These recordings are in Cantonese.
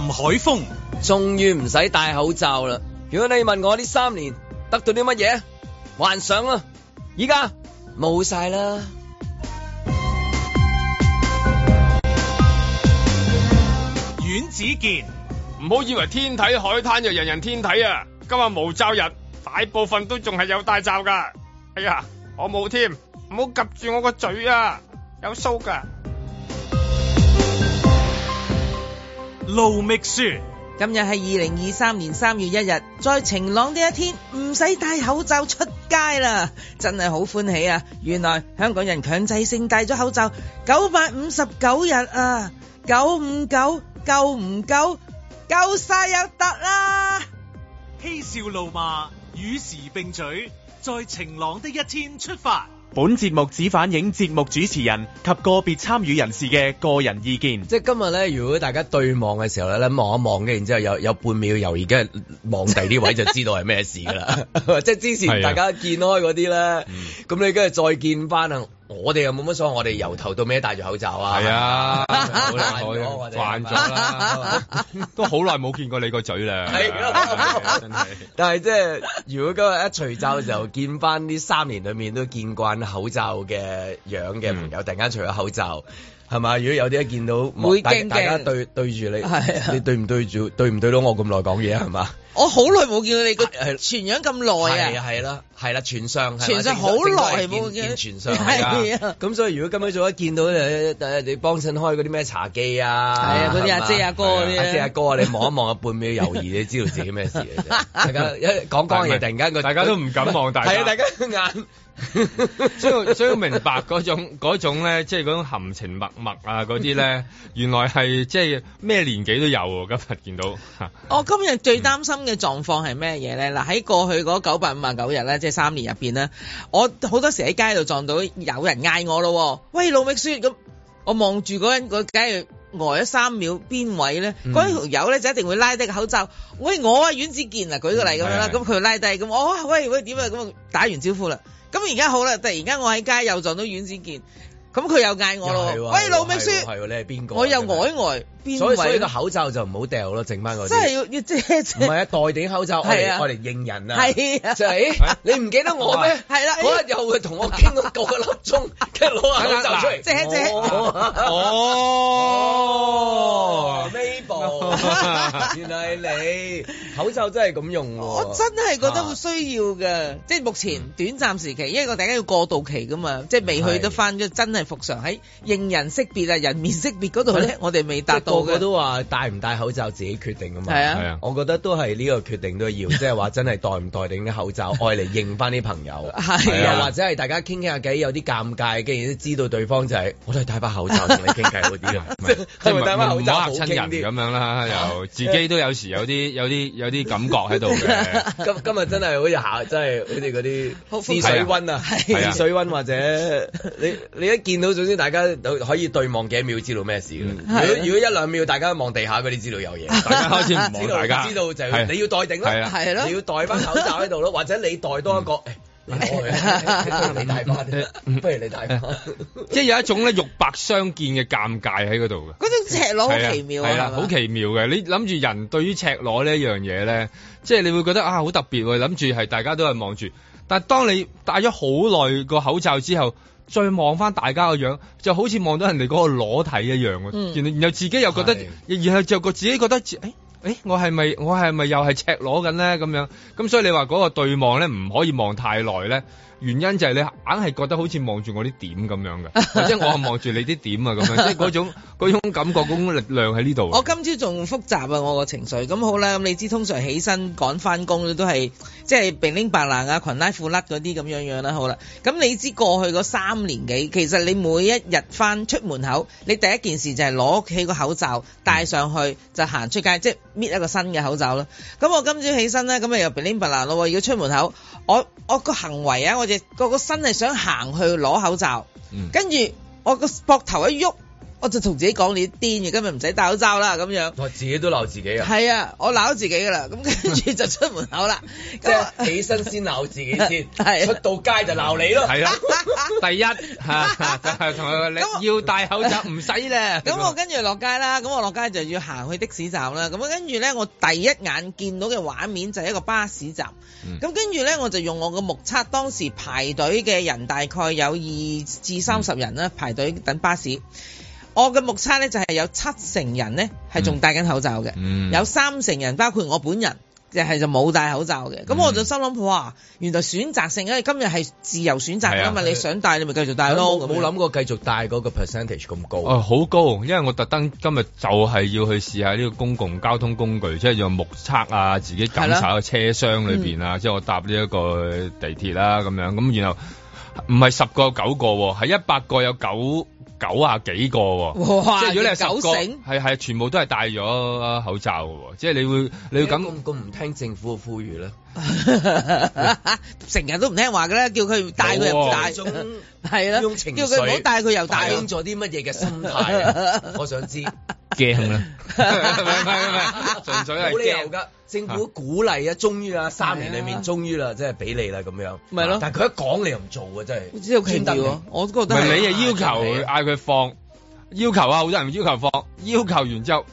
林海峰，終於唔使戴口罩啦。如果你問我呢三年得到啲乜嘢，幻想啦，依家冇晒啦。阮子健，唔好以為天體海灘就人人天體啊！今日無罩日，大部分都仲係有戴罩噶。哎呀，我冇添，唔好夾住我個嘴啊，有鬚噶。盧覓雪，今日係二零二三年三月一日，在晴朗的一天，唔使戴口罩出街啦，真係好歡喜啊！原來香港人強制性戴咗口罩九百五十九日啊，九五九，夠唔夠？夠晒又得啦、啊！嬉笑怒罵與時並舉，在晴朗的一天出發。本節目只反映節目主持人及個別參與人士嘅個人意見。即係今日咧，如果大家對望嘅時候咧，咧望一望嘅，然之後有有半秒猶豫嘅，望第二啲位就知道係 咩麼事噶啦，即係之前大家見開嗰啲咧，咁、啊、你跟住再見翻啊！我哋又冇乜所謂，我哋由頭到尾戴住口罩啊！係啊， 很慣咗，慣咗啦， 都好耐冇見過你個嘴啦！係， 真係，但係即係，如果今日一除罩嘅時候，見翻呢三年裏面都見慣口罩嘅樣嘅朋友，突然間除咗口罩。嗯。係嘛？如果有啲一見到，大大家對對住你，啊，你對唔對住？對唔對到我咁耐講嘢係嘛？我好耐冇見到你個樣傳咁耐啊！係啦係啦，傳、啊啊啊、相傳相好耐冇見傳相㗎。咁、啊啊啊啊、所以如果今日早一見到你，你幫襯開嗰啲咩茶記啊？係啊，嗰啲阿姐阿哥嗰啲阿姐阿哥啊！你望一望啊，半秒猶豫， 你知道自己咩事？一講講嘢，突然間大家都唔敢望大，係、啊、大家眼。 所以所以明白嗰種嗰 種咧，即係嗰種含情脈脈啊，嗰啲咧，原來係即係咩年紀都有，今日見到我今日最擔心嘅狀況係咩嘢咧？嗱、嗯，喺過去嗰九百五十九日咧，即係三年入邊咧，我好多時喺街度撞到有人嗌我咯，喂老麥叔咁，我望住嗰根，我梗係呆咗三秒，邊位咧？嗰條友咧就一定會拉低個口罩，喂我啊阮子健啊舉個例咁、嗯、樣啦，咁佢拉低咁，我、哦、喂喂點啊咁，打完招呼啦。咁而家好啦，突然間我喺街又撞到袁子健。咁佢又嗌我咯，喂老秘書，係你係邊個？我又呆呆，所以所以個口罩就唔好掉咯，剩翻嗰啲。真係要要即係，唔係啊？袋頂口罩，係啊，我嚟認人啊，係就係你唔記得我咩？係、啊、啦，嗰日、啊啊啊、又會同我傾到九個粒鐘，跟住攞下口罩出嚟，遮遮哦微博原來你口罩真係咁用、啊，我真係覺得好需要噶、啊，即係目前短暫時期，嗯、因為我突然間要過渡期噶嘛，嗯、即係未去得翻咗真係。復常喺認人識別啊、人面識別嗰度咧，我哋未達到嘅。都話戴唔戴口罩自己決定㗎嘛。係啊，我覺得都係呢個決定都要，即係話真係戴唔戴定啲口罩，愛嚟認翻啲朋友，又、啊、或者係大家傾傾下偈有啲尷尬，既然都知道對方就係、是、我都係戴翻口罩同你傾偈會點啊？即係唔唔嚇親人咁樣啦，又、就是就是、 自己都有時有啲有啲有啲感覺喺度嘅。 今今日真係好似下真係好似嗰啲試水温啊，試、 啊啊 啊、水温或者你你一見到總之大家都可以對望幾秒，知道咩事嘅。如果一兩秒大家望地下嗰啲，知道有嘢。大家開始望大家，知道就係你要待定你要戴翻口罩喺度咯，或者你戴多一個，嗯哎、你戴翻、哎，不如你戴返，嗯、 即係有一種咧，肉帛相見嘅尷尬喺嗰度嘅。嗰種赤裸好奇妙係、啊、好奇妙嘅。你諗住人對於赤裸呢一樣嘢咧，即、就、係、是、你會覺得啊，好特別喎。諗住係大家都係望住，但係當你戴咗好耐個口罩之後。再望翻大家嘅樣，就好似望到人哋嗰個裸體一樣嘅、嗯，然後自己又覺得，然後就覺自己覺得，誒誒，我係咪我係咪又係赤裸緊咧？咁樣，咁所以你話嗰個對望咧，唔可以望太耐咧，原因就係你硬係覺得好似望住我啲點咁樣嘅，或 者我係望住你啲點啊咁樣，即係嗰種。嗰種感覺，嗰種力量喺呢度。我今朝仲複雜啊！我個情緒咁好啦。咁你知通常起身趕翻工都係即係並拎白蘭啊，裙拉褲甩嗰啲咁樣樣啦。好啦，咁你知過去嗰三年幾，其實你每一日翻出門口，你第一件事就係攞起個口罩戴上去，嗯、就行出街，即係搣一個新嘅口罩啦。咁我今朝起身呢，咁啊又並拎白蘭咯，要出門口，我我個行為啊，我哋個個身係想行去攞口罩，跟、嗯、住我個膊頭一喐。我就同自己講你癲嘅，今日唔使戴口罩啦咁樣。我自己都鬧自己啊。係啊，我鬧自己噶啦，咁跟住就出門口啦， 那我 即係起身先鬧自己先，係 出到街就鬧你咯。係 是啊， 第一同咁 要戴口罩唔使啦。咁 用了 那我， 我跟住落街啦，咁我落街就要行去的士站啦。咁跟住咧，我第一眼見到嘅畫面就係一個巴士站。咁跟住咧，我就用我嘅目測，當時排隊嘅人大概有二至三十人啦，嗯，排隊等巴士。我嘅目測咧，就係有七成人咧係仲戴緊口罩嘅。嗯，有三成人包括我本人，就係就冇戴口罩嘅。咁、嗯、我就心諗，哇！原來選擇性，因為今日係自由選擇噶嘛、啊，你想戴你咪繼續戴咯。冇諗過繼續戴嗰個 percentage 咁高。哦、嗯，好高，因為我特登今日就係要去試下呢個公共交通工具，即係用目測啊，自己檢查個車廂裏邊啊，嗯、即係我搭呢一個地鐵啦、啊，咁樣咁然後唔係十個有九個，係一百個有九。九啊，幾個喎，即係如果你係十個，係係全部都係戴咗口罩嘅喎，即係你會你會咁咁唔聽政府嘅呼籲咧。成 日都唔聽話㗎啦，叫佢帶佢又唔帶，係咯、啊，叫佢唔好帶佢又帶，用咗啲乜嘢嘅心態？ 生態 我想知驚啦，純 粹係驚。冇理由㗎，政府鼓勵啊， 終於啊，三年裏面終於啦，即係俾你啦咁樣。咪咯，但係佢一講你又唔做啊，真係、啊。我知好奇我覺得。唔係你啊，要求嗌佢放，要求啊好多人要求放，要求完之後。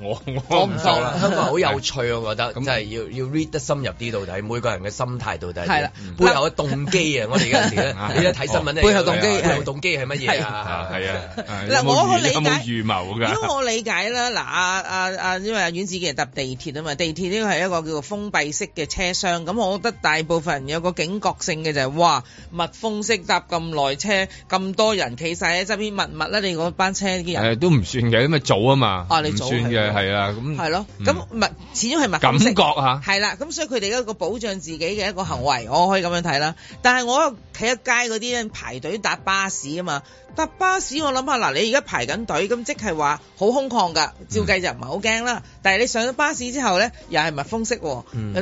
我我唔錯啦，香港好有趣，我覺得真係要要 read 得深入啲到底，每個人嘅心態到底係啦、嗯、背後嘅動機啊！我哋而家而家睇新聞背，背後動機背後動機係乜嘢啊？係啊！嗱、啊，我理解冇預謀噶。如果我理解啦，嗱阿阿阿因為阿阮子健搭地鐵啊嘛，地鐵呢個係一個叫做封閉式嘅車廂，咁我覺得大部分人有個警覺性嘅就係哇，密封式搭咁耐車，咁多人企晒喺側邊，密密啦。你嗰班車啲人都唔算嘅，因為早啊嘛你早。嘅係啊，咁係咯，咁唔係始終係密封式，感覺嚇，係啦，咁所以佢哋一個保障自己嘅一個行為，我可以咁樣睇啦。但係我企喺街嗰啲咧排隊搭巴士啊嘛，搭巴士我諗下嗱，你而家排緊隊，咁即係話好空曠噶，照計就唔係好驚啦。嗯、但係你上咗巴士之後咧，又係密封式，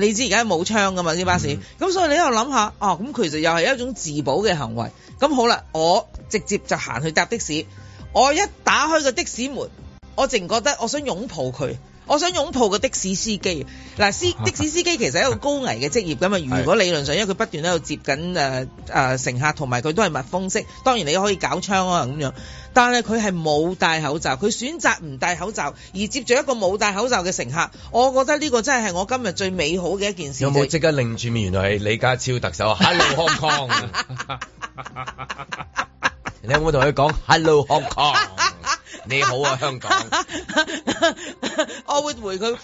你知而家冇窗噶嘛啲巴士，咁、嗯、所以你又諗下，哦、啊，咁其實又係一種自保嘅行為。咁好啦，我直接就行去搭的士，我一打開個的士門。我淨覺得我想擁抱佢，我想擁抱個的士司機。嗱，司的士司，司機其實係一個高危嘅職業㗎嘛。如果理論上，因為佢不斷喺度接緊誒誒乘客，同埋佢都係密封式。當然你可以搞窗啊咁樣，但係佢係冇戴口罩，佢選擇唔戴口罩而接住一個冇戴口罩嘅乘客。我覺得呢個真係係我今日最美好嘅一件事。有冇即刻擰轉面？原來係李家超特首 ，Hello Hong Kong。 你有冇同佢講 Hello Hong Kong？你好啊香港，我會回佢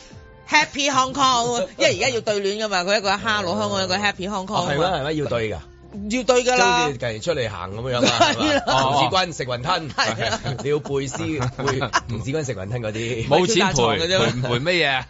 Happy Hong Kong，因為而家要對聯噶嘛，佢一個係 Hello 香港，一個 Happy Hong Kong。係咩係咩？要對㗎。要對㗎啦！好似近出嚟行咁樣子君食雲吞，哦哦哦哦、 是的 你要背詩，背子君食雲吞嗰啲冇錢陪嘅啫，陪咩嘢？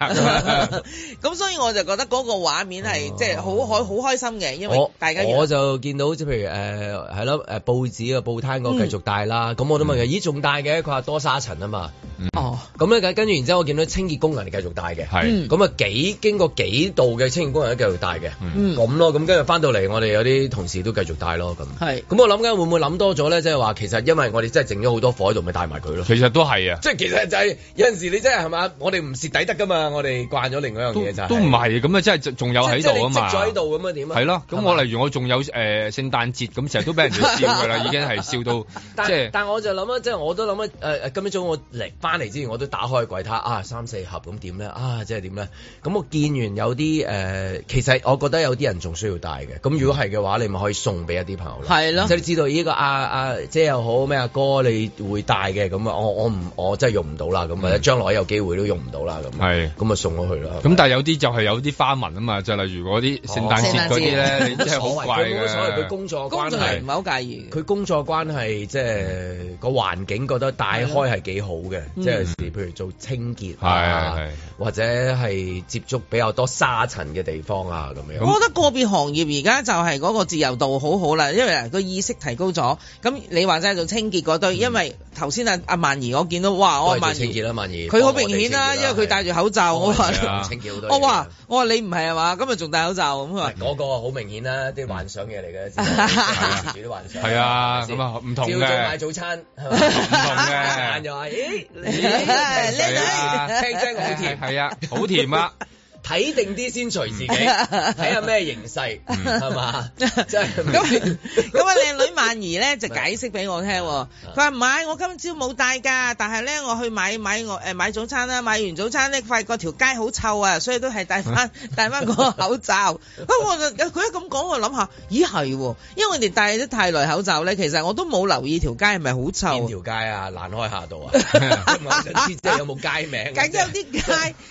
咁 所以我就覺得嗰個畫面係、哦、即係好開好開心嘅，因為大家我，我就見到即係譬如誒係咯報紙啊報攤嗰繼續戴啦，咁、嗯、我都問佢、嗯，咦仲戴嘅？佢話多沙塵啊嘛。哦、嗯，咁跟住然之後我見到清潔工人繼續戴嘅，咁啊、嗯、幾經過幾度嘅清潔工人都繼續戴嘅，咁、嗯、咯，咁跟住翻到嚟我哋有啲同。時都繼續帶咯，咁係咁我諗緊會唔會諗多咗咧？即係話其實因為我哋真係剩咗好多火喺度，咪帶埋佢咯。其實都係啊，即係其實就係有陣時你真係係嘛，我哋唔蝕抵得噶嘛，我哋慣咗另外樣嘢就都唔係咁啊！即係仲有喺度啊嘛，積在喺度咁啊點啊？係咯，咁我例如我仲有誒、呃、聖誕節咁成日都俾人哋燒㗎啦， 已經係燒到但，、就是、但我就諗啊、即、就、係、是、我都諗啊、呃、今朝早我嚟翻嚟之前，我都打開櫃塔啊，三四盒咁點咧啊，即係點咧？咁我見完有啲誒、呃，其實我覺得有啲人仲需要帶嘅。咁如果係嘅話，你望。可以送俾一啲朋友，係咯，即係你知道呢個阿阿姐又好咩阿哥，你會帶嘅咁啊，我我唔我真係用唔到啦，咁啊、嗯、將來有機會都用唔到啦，咁係咁啊送咗佢啦。咁、嗯、但係有啲就係有啲花紋啊嘛，就例、是、如我啲聖誕節嗰啲咧，哦、真係好怪嘅。所以佢工作關係唔係好介意。佢工作關係即係、就是嗯、個環境覺得戴開係幾好嘅，即係譬如做清潔係、啊，或者係接觸比較多沙塵嘅地方啊咁樣。我覺得個別行業而家就係嗰個自由度好好啦，因為個意識提高咗。咁你話齋做清潔嗰堆，因為頭先阿阿曼儀我見到，哇！清潔哦、我清潔啦，曼儀佢好明顯啦，因為佢戴住口罩。我話清潔好多。我話 我話你唔係啊嘛，今日仲戴口罩咁。嗰，嗯，那個好明顯啦，啲幻想嘢，嚟嘅，啲幻想。係啊，咁啊唔同嘅。朝早買早餐，就話，咦， 靚女，係啊，好 甜，啊啊啊、甜啊。 睇定啲先隨自己，睇下咩形勢，係嘛？真係咁啊！咁啊，靚女曼儀咧就解釋俾我聽，佢話唔係，我今朝冇帶㗎，但係咧我去買買我誒買早餐啦，買完早餐咧發現嗰條街好臭啊，所以都係帶翻戴翻個口罩。不過佢一咁講，我諗下，咦係喎？因為我哋戴咗太耐口罩咧，其實我都冇留意條街係咪好臭。條街啊，難開下度啊！唔知即係有冇街名？梗有啲街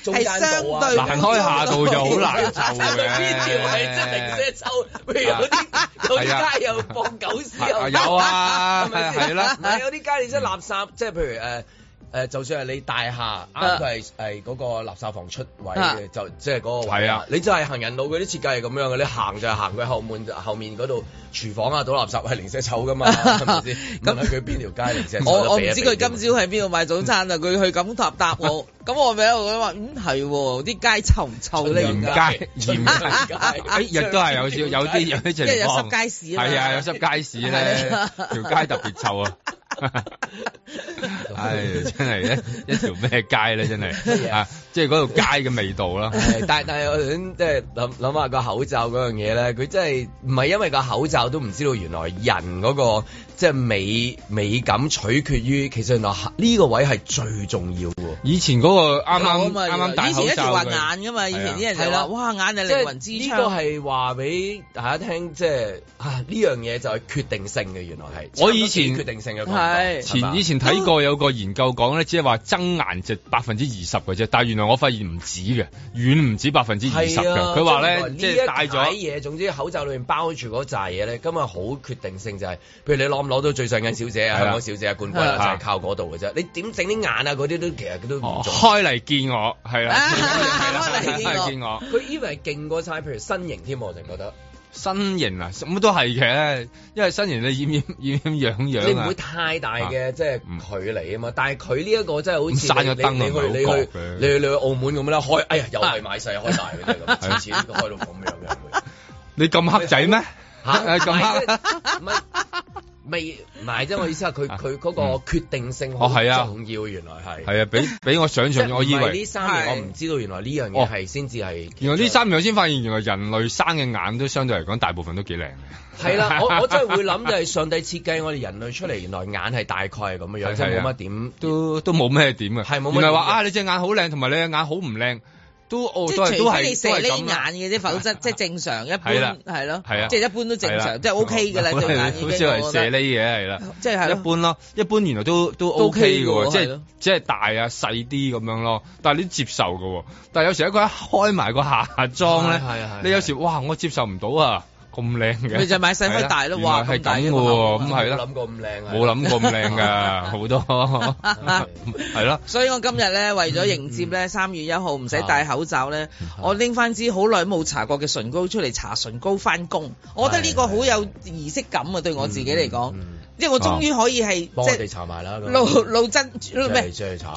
係相對難開下。亞、啊、道、嗯啊、就好難做嘅，邊條係真停車，譬如，有啲有啲街又放狗屎，啊有啊，係、啊、啦，有啲街你真係垃圾，即係譬如誒。呃誒、呃，就算係你大廈啱佢係係嗰個垃圾房出位嘅、啊，就即係嗰個位。啊，你就係行人路嗰啲設計係咁樣嘅，你行就係行佢後門，後面嗰度廚房啊倒垃圾係零舍臭噶嘛，係咪先？咁佢邊條街零舍、啊？我我唔知佢今朝喺邊度買早餐啊！佢、嗯、去咁答答我，咁、啊啊、我咪喺度話，嗯係，啲、啊、街臭唔臭呢？樣噶。街，日日 都係有有啲有啲情況。有濕街市。係啊，有濕街市咧，條 街特別臭啊！唉，真係一一條咩街咧，真係啊！即係嗰度街嘅味道啦， 但但係我諗即係諗諗下個口罩嗰樣嘢咧，佢真係唔係因為個口罩都唔知道原來人嗰、那個即係、就是、美美感取決於，其實原來呢個位係最重要嘅。以前嗰個啱啱啱啱戴口罩以前一直話眼噶嘛、啊，以前啲人、啊、就話哇眼係靈魂之窗。呢個係話俾大家聽，即、就、係、是、啊呢樣嘢就係決定性嘅，原來係我以前決定性嘅係前以前睇過有個研究講咧，只係話增顏值百分之二十嘅啫，但係我發現唔止嘅，遠唔止百分之二十嘅。佢話咧，即係戴咗啲嘢，總之口罩裏面包住嗰扎嘢咧，今日好決定性就係、是，譬如你攞唔攞到最上眼小姐啊，香港、哦、小姐、啊啊、冠軍啊，就係、是、靠嗰度嘅啫。你點整啲眼啊，嗰啲都其實都唔做、哦、開嚟見我，係啊，啊，開嚟見我。佢、啊、以為係勁過晒，譬如身形添，我就覺得。新型啊，咁都係嘅，因為新型你染染染染染，染，啊、你唔會太大嘅、啊、即係距離啊嘛。但係佢呢一個真係好似、啊，你你，你去你去你去，你去澳門咁樣啦，開哎呀又係買細 開大嘅，咁上次都開到咁樣嘅。 你咁黑仔咩？嚇、啊，咁 黑。 咪，唔係，即我意思係佢佢嗰個決定性好重要原、哦啊 原啊哦，原來係係啊，俾俾我想象，我以為呢三年我唔知道，原來呢樣嘢係先至係。原來呢三年我先發現，原來人類生嘅眼都相對嚟講，大部分都幾靚係係啦，我我真係會諗，就係上帝設計我哋人類出嚟、 啊啊就是，原來眼係大概係咁嘅樣，即係冇乜點，都都冇咩點冇係冇，唔係話啊，你隻眼好靚，同埋你隻眼好唔靚。都哦，即係都係你射喱眼嘅啫、啊，否則、啊、即係正常，一般係咯，即係一般都正常，即係 O K 嘅啦，對眼已經好似係射喱嘅，係啦，即係一般咯，一般原來都都 O K 嘅喎，即係即係大啊細啲咁樣咯，但係你接受嘅喎，但係有時一個一,一開埋個下下裝咧， 你有時哇，我接受唔到啊！咁靚嘅，你就買細塊大咯，哇係抵喎，咁係啦，冇諗過咁靚啊，冇諗過咁靚噶，好 多，係啦 所以我今日咧為咗迎接咧三月一號唔使戴口罩咧，我拎翻支好耐冇搽過嘅唇膏出嚟搽唇膏翻工，我覺得呢個好有儀式感啊，對我自己嚟講。即係我終於可以係即係查埋啦，露、那個、真露，露真咩？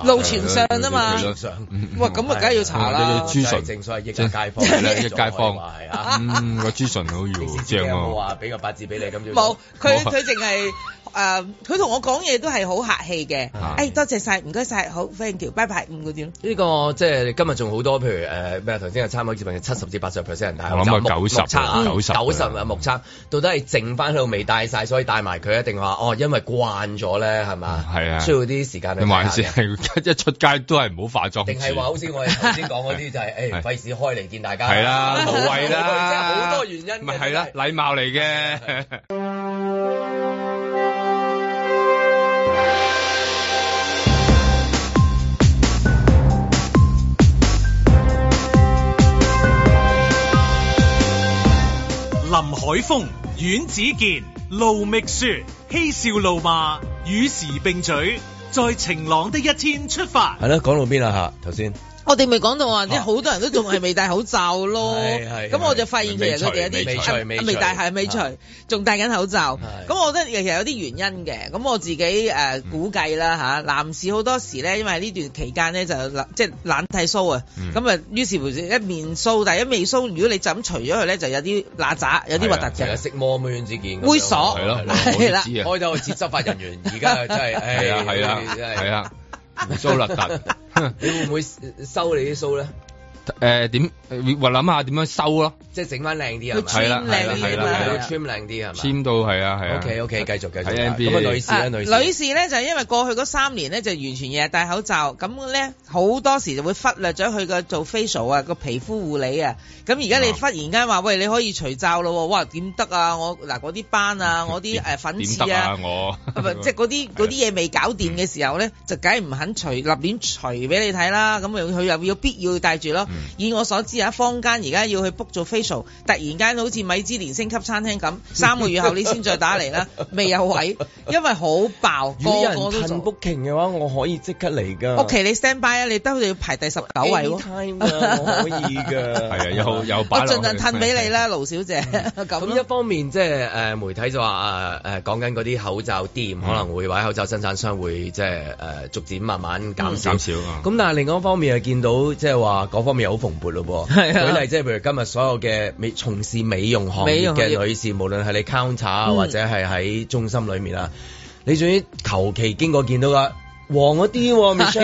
露全相啊嘛上、嗯嗯！哇，咁、嗯、啊，梗係要查啦！朱純、就是、正所謂益街坊，係啦，街坊啊！嗯，個朱純好要，即你哋冇話俾個八字俾你？咁樣。冇，佢佢淨係。誒、嗯，佢同我講嘢都係好客氣嘅。誒、嗯哎，多謝晒，唔該晒。好，飛燕橋，拜拜，唔該啲。呢、這個即係今日仲好多，譬如誒咩頭先係參考節目七十至八十 percent 人戴，我就目測啊，九十啊目測、嗯，到底係剩翻佢度未戴晒，所以戴埋佢一定話哦，因為慣咗咧，係嘛？係、嗯、啊，需要啲時間看看。唔好意思，係一出街都係唔好化妝。定係話好似我頭先講嗰啲，就係誒費事開嚟見大家。係啦、啊，無謂啦。好、啊、多原因。咪係啦，禮貌嚟嘅。 林海峰、阮子健、盧覓雪、嬉笑怒罵，與時並舉，在晴朗的一天出發。係啦，講到邊啦？吓，頭先。我哋咪講到話，即好多人都仲係未戴口罩咯。咁 我就發現其實佢哋有啲未除，未未，啊啊啊，戴，係未除，仲戴緊口罩。咁，嗯，我覺得其實有啲原因嘅。咁我自己誒，呃，估計啦吓，嗯，男士好多時咧，因為呢段期間咧就即係懶剃鬚啊。咁啊，於，嗯，是乎一面鬚，第一未鬚，如果你就除咗佢咧，就有啲邋雜，有啲核突嘅。係啊，識之妹紙嘅猥瑣係咯。唔知啊，開刀接執法人員而家真係係啊係啊係啊，鬍鬚邋遢。 你會唔會收你啲數咧？誒點我諗下點樣收咯？即係整翻靚啲啊！要靚啲啊！啊啊啊要 trim 啲啊 trim 到係啊係。O K O K，繼續繼續。啊、女士咧，女士咧就、啊、因為過去嗰三年咧就完全日日戴口罩，咁咧好多時就會忽略咗佢個做 facial 啊個皮膚護理啊。咁而家你忽然間話喂你可以除罩咯，哇點得啊！我嗱嗰啲斑啊，啊我啲誒粉刺啊，啊我，啊啊我即係嗰啲嗰啲嘢未搞掂嘅時候咧，就梗係唔肯除立亂除俾你睇啦。咁佢又要必要戴住咯。以我所知啊，坊間而家要去 book 做 facial，突然間好似米芝蓮星級餐廳咁，三個月後你先再打嚟啦，未有位，因為好爆哥哥。如果有人褪 book 期嘅話，我可以即刻嚟噶。屋、okay, 企你 stand by 啊，你都要排第十九位咯。我可以㗎，係 啊，有有擺我盡量褪俾你啦，盧小姐。咁一方面即係誒媒體就話誒誒講緊嗰啲口罩店可能會話口罩生產商會即係誒逐漸慢慢減、嗯、少。少、啊、咁但係另外一方面又見到即係話嗰方面。有 蓬勃咯噃，舉例即係譬如今日所有嘅美從事美容行業嘅女士，無論係你 counter 啊，或者係喺中心裏面啊，你仲要求其經過見到個黃嗰啲，有暗啞，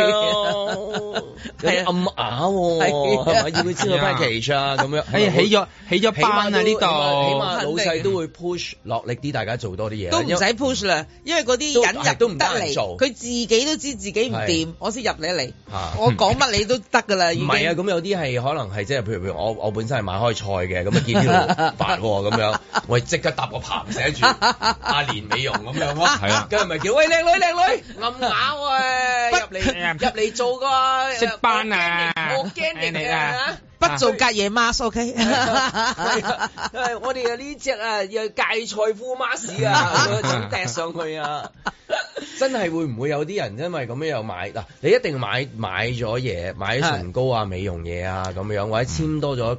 係咪要佢知我批期啊，咁樣，哎， 起咗。起咗班啊！呢度，起碼老細都會 push 落力啲，大家做多啲嘢。都唔使 push 啦，因為嗰啲人唔得嚟做，佢自己都知自己唔掂，啊、我先入你嚟。啊、我講乜你都得㗎啦，唔係、嗯、啊，咁有啲係可能係即係譬如譬如我我本身係買開菜嘅，咁啊見到白喎咁樣，我即刻搭個棚寫住阿、啊、蓮美容咁樣咯。係、啊、啦，跟住咪叫喂靚女靚女，摁鴨喎入嚟入嚟做㗎，識班啊！我驚你，你，你啊！你不做隔夜孖、啊，OK？係我哋嘅呢隻啊，要戒菜夫孖屎啊，咁 掟上去啊， 真係會唔會有啲人因為咁樣又買嗱？你一定買買咗嘢，買，買咗唇膏啊、美容嘢啊咁樣，或者簽多咗。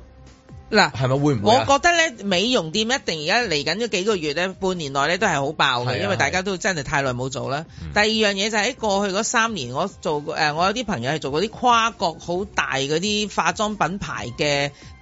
嗱，係咪會唔會、啊？我覺得咧，美容店一定而家嚟緊嗰幾個月咧，半年內咧都係好爆嘅，因為大家都真係太耐冇做啦、啊啊。第二樣嘢就喺、是、過去嗰三年，我做過誒、呃，我有啲朋友係做嗰啲跨國好大嗰啲化妝品牌嘅。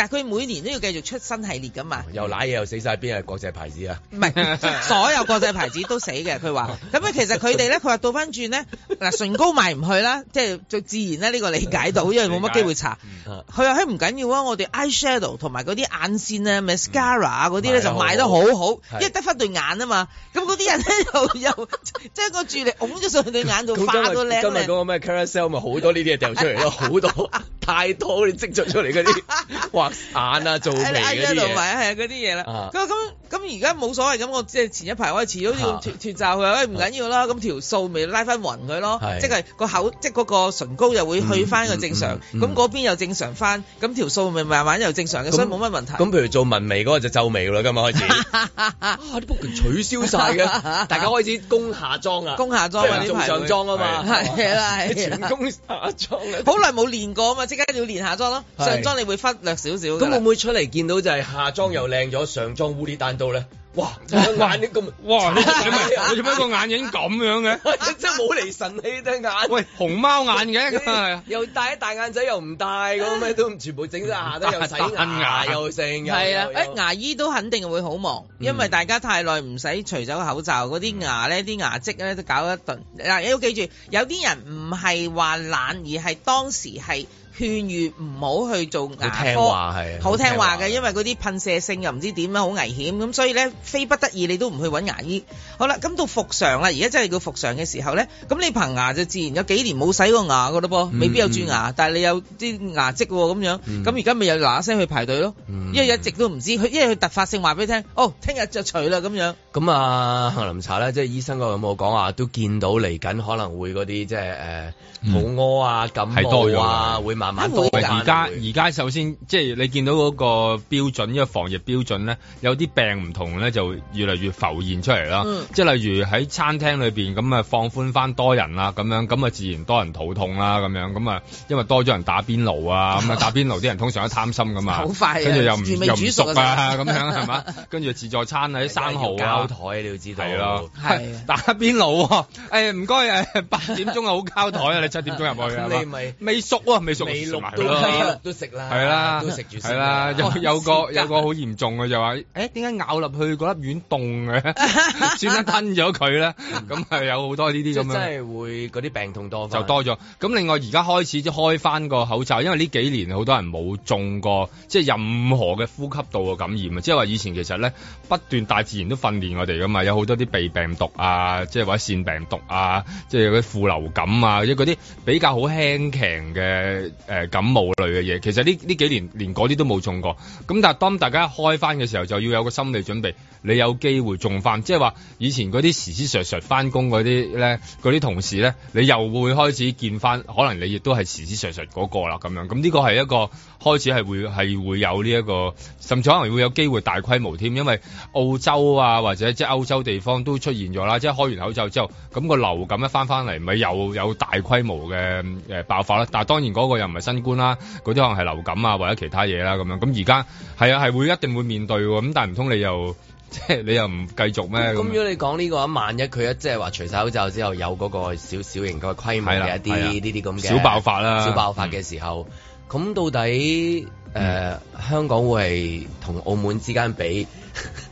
但佢每年都要繼續出新系列噶嘛？嗯、又瀨嘢又死晒，邊係國際牌子啊？唔係，所有國際牌子都死嘅。佢話咁其實佢哋咧，佢話倒翻轉咧，嗱，唇膏賣唔去啦，即係就是、自然咧呢、呢個理解到，因為冇乜機會搽。佢話佢唔緊要啊，我哋 eye shadow 同埋嗰啲眼線啊，mascara 嗰啲咧就賣得好好，好因為得翻對眼啊嘛。咁嗰啲人咧 又又即係個注意力拱咗上對眼度化到靚，今日嗰個咩 carousel 咪好多呢啲嘢掉出嚟咯，好 多太多你啲積聚出嚟嗰啲眼啊，做眉嗰啲嘢，係啊，嗰啲嘢啦。咁咁咁而家冇所謂咁，我即係前一排我遲早要脫脫罩佢，喂唔緊要啦。咁條數咪拉翻勻佢咯，即係個口，即係嗰個唇膏又會去翻個正常。咁嗰邊又正常翻，咁條數咪慢慢又正常嘅，所以冇乜問題。咁譬如做紋眉嗰個就皺眉噶啦，今日開始。啊啲 book 全取消曬嘅，大家開始攻下妝啊，攻下妝啊，即係做上妝啊嘛，係啦，全攻下妝啊，好耐冇練過啊嘛，即刻要練下妝咯，上妝你會忽略少。咁我唔出嚟見到就係下妝又靚咗，上妝污裂彈刀咧？哇！眼啲咁哇，哇，你做咩 個眼影咁樣嘅？ 真係冇嚟神氣隻眼。喂，熊貓眼嘅， 又戴大，大眼仔又唔戴，咁咩都全部整得下得，又洗牙眼又剩，係啊！誒、哎、牙醫都肯定會好忙，因為大家太耐唔使除走口罩，嗰、嗯、啲牙咧、啲牙跡咧都搞一頓。嗱，你要記住，有啲人唔係話懶，而係當時係。勸喻唔好去做牙科，好聽話嘅，因為嗰啲噴射性又唔知點樣，好危險。咁所以咧，非不得已你都唔去揾牙醫。好啦，咁到復常啦，而家真係叫復常嘅時候咧，咁你棚牙就自然有幾年冇洗過牙嘅嘞噃，未必有蛀牙，但係你有啲牙漬喎咁樣。咁而家咪又嗱嗱聲去排隊咯，因為一直都唔知，佢因為佢突發性話俾你聽，哦，聽日就除啦咁樣。咁啊，杏林茶咧，即係醫生嗰個有冇講啊？都見到嚟緊可能會嗰啲即係誒，肚屙啊、感冒啊，會猛。而家而家首先即係你見到嗰個標準一、呢個防疫標準咧，有啲病唔同咧，就越嚟越浮現出嚟咯、嗯。即係例如喺餐廳裏面咁啊，放寬翻多人啦，咁樣咁啊，自然多人肚痛啦，咁樣咁啊，因為多咗人打邊爐啊，咁啊打邊爐啲人通常都貪心噶嘛，好 快、啊，跟住又唔煮熟，熟啊，咁 樣係嘛？跟住自助餐喺生蠔啊，交、啊、台你要知道係咯，係打邊爐誒唔該八點鐘好交台啊，啊啊啊哦哎、你七、哎、點鐘 入去啊嘛， 未熟啊，未熟。未未都食啦，係啦，都食住食啦。有有個有個好嚴重嘅就話，誒點解咬落去嗰粒丸凍嘅？先 生吞咗佢咧，咁 係有好多呢啲咁樣。就真係會嗰啲病痛多，就多咗。咁另外而家開始即係開翻個口罩，因為呢幾年好多人冇中過即係任何嘅呼吸道嘅感染啊。即係話以前其實咧不斷大自然都訓練我哋噶嘛，有好多啲鼻病毒啊，即係或者腺病毒啊，即係有啲副流感啊，即嗰啲比較好輕強嘅。誒感冒類嘅嘢，其實呢呢幾年連嗰啲都冇中過。咁但係當大家一開翻嘅時候，就要有個心理準備，你有機會中翻。即係話以前嗰啲時時常常翻工嗰啲咧，嗰啲同事咧，你又會開始見翻，可能你亦都係時時常常嗰個啦咁樣。咁呢個係一個開始係會係會有呢一個，甚至可能會有機會大規模添，因為澳洲啊或者即係歐洲地方都出現咗啦，即係開完口罩之後，咁個流感一翻翻嚟，咪又有大規模嘅誒爆發啦。但係當然嗰個人。唔係新冠啦，嗰啲可能係流感啊，或者其他嘢啦咁樣。咁而家係啊，係會一定會面對喎。咁但係唔通你又即係 你又唔繼續咩？咁如果你講呢個話，萬一佢一即係話除晒口罩之後有嗰個少少型個規模嘅一啲呢啲咁嘅小爆發啦，小爆發嘅時候。嗯咁到底，誒、呃，香港會係同澳門之間比，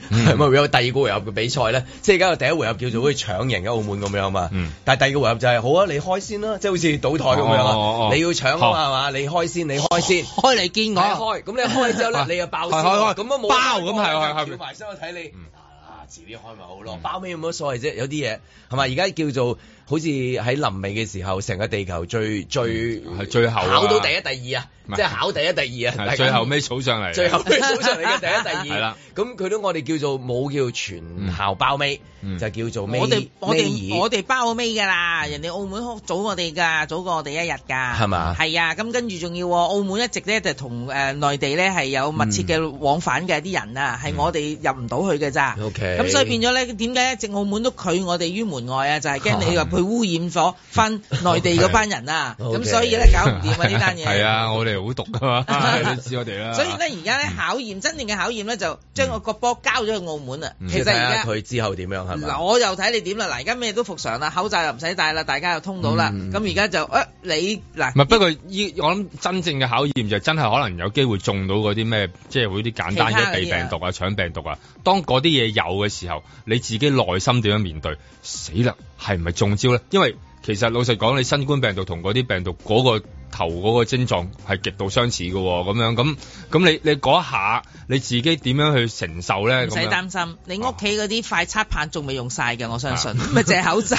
係咪會有第二個回合嘅比賽咧、嗯？即係而家有第一個回合叫做好似搶贏嘅澳門咁樣嘛、嗯。但係第二個回合就係、是、好啊，你先開先啦，即、就、係、是、好似倒台咁樣啦、哦哦哦，你要搶啊嘛，係嘛，你先開先，你先開你先開，開嚟見我開，咁你開之後咧， 你又爆，咁都冇包咁係，調埋身去睇你，啊，啲、啊、自己開咪好咯、嗯，包尾有乜所謂啫？有啲嘢，係嘛，而家叫做。好似喺臨尾嘅時候，成個地球最最、嗯、最後，考到第一、第二啊！即係考第一、第二啊！最後尾湊上嚟，最後尾湊上嚟第一、第二。係啦， 咁佢都我哋叫做冇叫全校包尾，就叫做我哋我哋我哋包尾噶啦。人哋澳門好早我哋噶，早過我哋一日噶。係嘛？係啊，咁跟住仲要澳門一直咧就同誒內地咧係有密切嘅、嗯、往返嘅啲人啊，係我哋入唔到去嘅咋、嗯。OK，咁所以變咗咧，點解一直澳門都拒我哋於門外、就是 嗯 okay、啊？就係驚你話佢污染咗翻內地嗰班人啊。咁所以咧搞唔掂啊呢單嘢。係 啊是的， 我哋。好 毒啊！你知我哋啦， 所以咧而家咧，考、嗯、驗真正嘅考驗咧，就將個個波交咗去澳門啦。嗯、其實而家佢之後點樣係咪？嗱，我又睇你點啦。嗱，而家咩都復常啦，口罩又唔使戴啦，大家又通到啦。咁而家就啊、哎，你嗱，唔不，不過依我諗真正嘅考驗就真係可能有機會中到嗰啲咩，即係嗰啲簡單嘅鼻病毒啊、腸、啊、病毒啊。當嗰啲嘢有嘅時候，你自己內心點樣面對？死啦，係唔係中招咧？因為其實老實講，你新冠病毒同嗰啲病毒嗰、嗰個。頭嗰個症狀係極度相似嘅喎，咁樣咁咁你你嗰一下你自己點樣去承受咧？唔使擔心，你屋企嗰啲快測棒仲未用晒嘅，我相信。咪、啊、借口罩，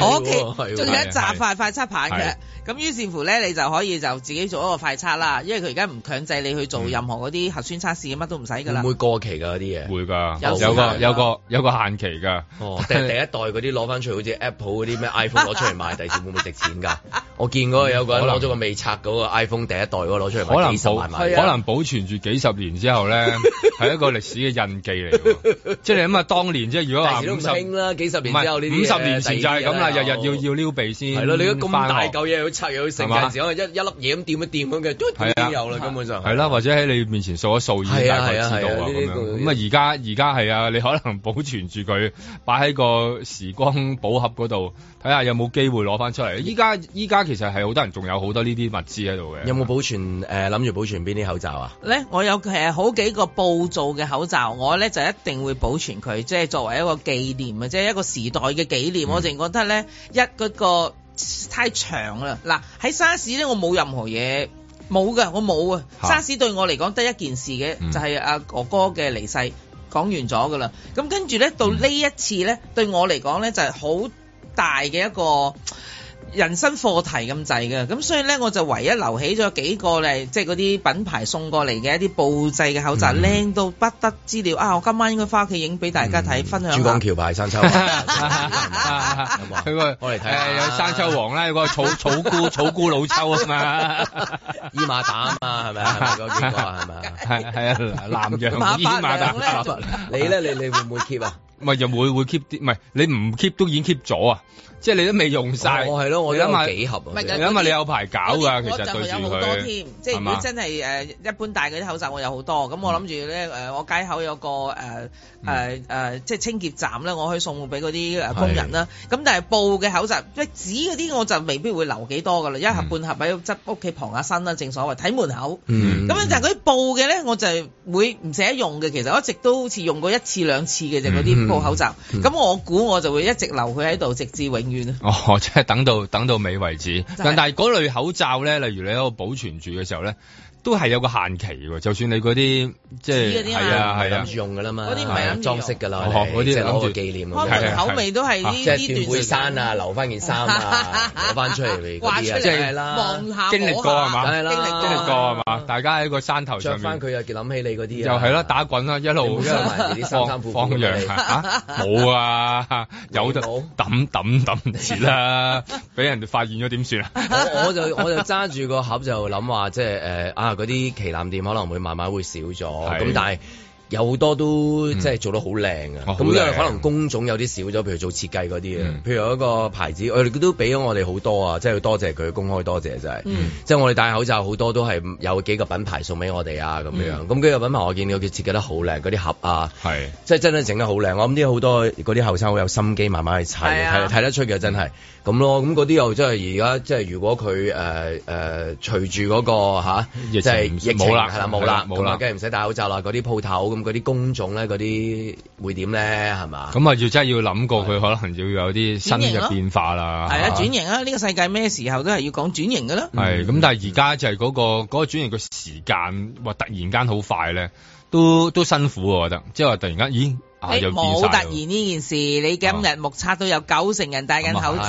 我屋企仲有一扎快快測棒嘅。咁於是乎咧，你就可以就自己做一個快測啦。因為佢而家唔強制你去做任何嗰啲核酸測試，乜都唔使㗎啦。會唔會過期㗎嗰啲嘢？會㗎、哦，有個有個有，有個有限期㗎、哦。第一代嗰啲攞翻出嚟，好、啊、似 Apple 嗰啲咩 iPhone 攞出嚟賣，第 二會唔會值錢㗎？我見過有個個。未拆嗰個 iPhone 第一代嗰個攞出嚟，可能可能保存住幾十年之後咧，係 一個歷史嘅印記嚟。即係你諗下當年即啫，如果話唔啦。幾十年之後五十年前就係咁啦，日日要要撩鼻先係咯。你咁大嚿嘢去拆要，去成件事，可能一一粒嘢咁掂一掂咁嘅都有啦。根本上係啦、啊啊啊啊啊，或者喺你面前數一數二，大概知道啊咁、啊啊啊、樣。咁啊，而家而家係啊，你可能保存住佢擺喺個時光寶盒嗰度，睇下有冇機會攞翻出嚟。依家依家其實係好多人仲有好多。呢啲物資喺度嘅，有冇保存？誒諗住保存邊啲口罩啊？咧，我有誒、啊、好幾個布做嘅口罩，我咧就一定會保存佢，即係作為一個紀念啊，即係一個時代嘅紀念。嗯、我淨覺得咧，一嗰個，一個太長啦。嗱，喺沙士咧，我冇任何嘢，冇噶，我冇啊。沙士 對我嚟講得一件事嘅，就係、是、阿、啊、哥哥嘅離世，講完咗噶啦。咁跟住咧，到呢一次咧、嗯，對我嚟講咧，就係、是、好大嘅一個人生課題咁滯嘅，咁所以咧我就唯一留起咗幾個咧，即係嗰啲品牌送過嚟嘅一啲布製嘅口罩，靚、嗯、到不得之了啊！我今晚應該返屋企影俾大家睇、嗯，分享。珠江橋牌生抽、啊。王， 我嚟睇。有生抽王啦，有 個草草菇草菇老抽啊嘛， 伊馬蛋啊嘛，係咪啊？嗰啲啊係咪啊？係係啊，南 洋伊馬蛋。你咧，你你會唔會 keep 啊？唔係又會會 keep 啲，唔係你唔 keep 都已經 keep 咗啊！即係你都未用晒。哦，我係咯，我而家埋幾盒，啊，唔係有因為，因為你有排搞㗎，我仲有好多添，即係如果真係誒、uh, 一般戴嗰啲口罩，我有好多。咁、嗯、我諗住咧誒，我街口有個誒誒誒，即係清潔站咧，我可以送俾嗰啲誒工人啦。咁但係布嘅口罩，即係紙嗰啲，我就未必會留幾多㗎啦、嗯。一盒半盒喺度屋企傍下身啦，正所謂睇門口。咁、嗯、樣、嗯、就係嗰啲布嘅咧，我就會唔捨得用嘅。其實我一直都好似用過一次兩次嘅啫，嗰、嗯、啲布口罩。咁、嗯嗯、我估、嗯、我就會一直留佢喺度，直至永遠。哦，即係等到等到尾為止，就是、但但係嗰類口罩咧，例如你喺度保存住嘅時候咧。都係有個限期喎，就算你嗰啲即係係啊係啊，諗住、啊啊、用嘅啦嘛，嗰啲唔係諗裝飾㗎啦，嗰啲係諗住紀念、啊啊、口味都係、啊啊、即係斷背山啊，留翻件衫啊，攞、啊、翻、啊啊、出嚟嗰啲啊，即係望下經歷過係嘛、啊啊，經歷過、啊啊、經歷過係嘛、啊啊，大家喺個山頭上上返翻佢又諗起你嗰啲啊，就係、是、咯、啊、打滾啦、啊，一路埋啲衫衫褲冇啊，有就抌抌唔住啦，俾人哋發現咗點算啊？我就我就揸住個盒就諗話即係嗰啲旗艦店可能會慢慢會少咗，咁但係有好多都即係、嗯、做得好靚啊！咁、哦、因為可能工種有啲少咗，譬如做設計嗰啲啊，譬如有一個牌子，呃、我哋都俾咗我哋好多啊，即係要多謝佢公開多謝，多、嗯、謝就係。即係我哋戴口罩好多都係有幾個品牌送俾我哋啊，咁樣。咁、嗯、幾個品牌我見到佢設計得好靚，嗰啲盒啊，係即係真係整得好靚。我諗啲好多嗰啲後生好有心機，慢慢去砌睇、啊、睇得出嘅真係。嗯咁囉，咁嗰啲又真係而家，即係如果佢誒誒隨住嗰、嗰個即係、啊、疫情係啦，冇、就、啦、是，冇啦，即係唔使戴口罩啦，嗰啲鋪頭咁嗰啲工種呢，嗰啲會點呢？係咪？咁啊要真係要諗過佢可能要有啲新嘅變化啦。係呀，轉型啊，呢、呢個世界咩時候都係要講轉型嘅咯。係，咁但係而家就係嗰、嗰個嗰、嗰個轉型嘅時間，哇！突然間好快呢，都都辛苦喎，我覺得，即係話突然間，咦？誒、哎、冇，突然呢件事，你今日目測到有九成人戴緊口罩，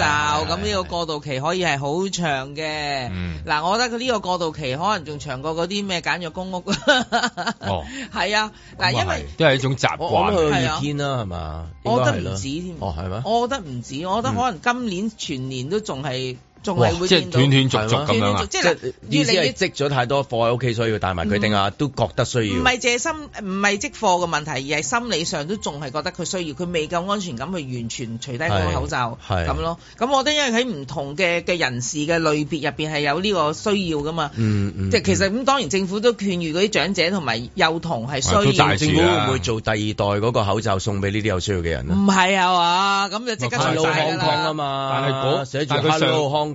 咁、啊、呢個過渡期可以係好長嘅。嗱、嗯，我覺得佢呢個過渡期可能仲長過嗰啲咩簡約公屋。 哦，係啊，嗱、嗯就是，因為都係一種習慣，去天啦係嘛，我覺得唔止添。哦，係咩？我覺得唔止，我覺得可能今年全年都仲係。仲係會斷斷續續咁樣，即係由於你積咗太多貨喺屋企，所以要帶埋佢定啊，都覺得需要。唔係借心，唔係積貨嘅問題，而係心理上都仲係覺得佢需要，佢未夠安全感去完全除低嗰個口罩咁咯。咁我覺得因為喺唔同嘅嘅人士嘅類別入邊係有呢個需要噶嘛。即係其實咁當然政府都勸喻嗰啲長者同埋幼童係需要。政府會唔會做第二代嗰個口罩送俾呢啲有需要嘅人咧？唔係啊嘛，咁就即刻出老漢框啊嘛。但係嗰寫住佢上。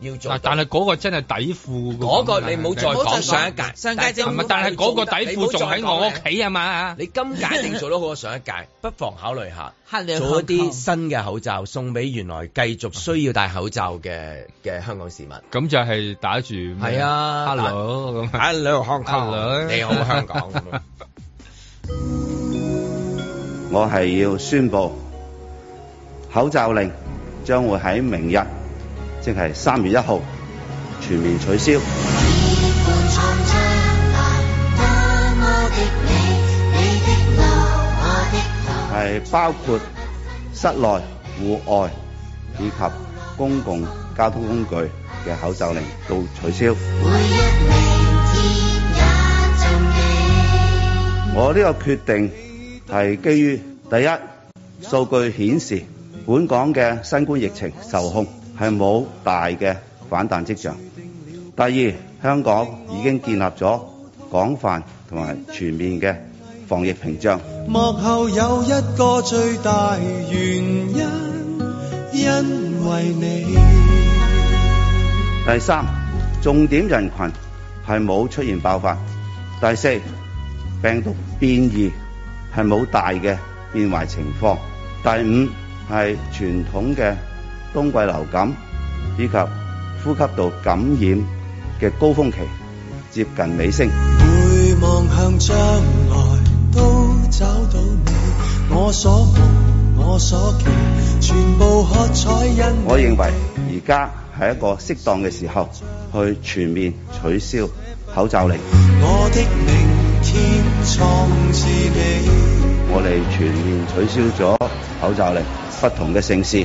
要做，但係嗰個真係底褲。嗰個你冇再講上一屆，上屆即係冇。但係嗰個底褲仲喺我屋企啊嘛！你今屆一定做得好過上一屆，不妨考慮下，做一啲新嘅口罩送俾原來繼續需要戴口罩嘅嘅香港市民。咁就係打住係啊，Hello，Hello，Hello，你好香港。我係要宣布，口罩令將會喺明日。正係三月一號全面取消，係包括室內、戶外以及公共交通工具嘅口罩令都取消。我呢個決定係基於第一數據顯示，本港嘅新冠疫情受控。係冇大嘅反彈跡象。第二，香港已經建立咗廣泛同埋全面嘅防疫屏障。幕後有一個最大原因，因為你。第三，重點人群係冇出現爆發。第四，病毒變異係冇大嘅變壞情況。第五，係傳統嘅。冬季流感以及呼吸道感染嘅高峰期接近尾聲。回望向將來都找到你，我所奉我所期全部喝彩因你。我認為而家係一個適當嘅時候去全面取消口罩令。我哋全面取消咗口罩令，不同嘅城市。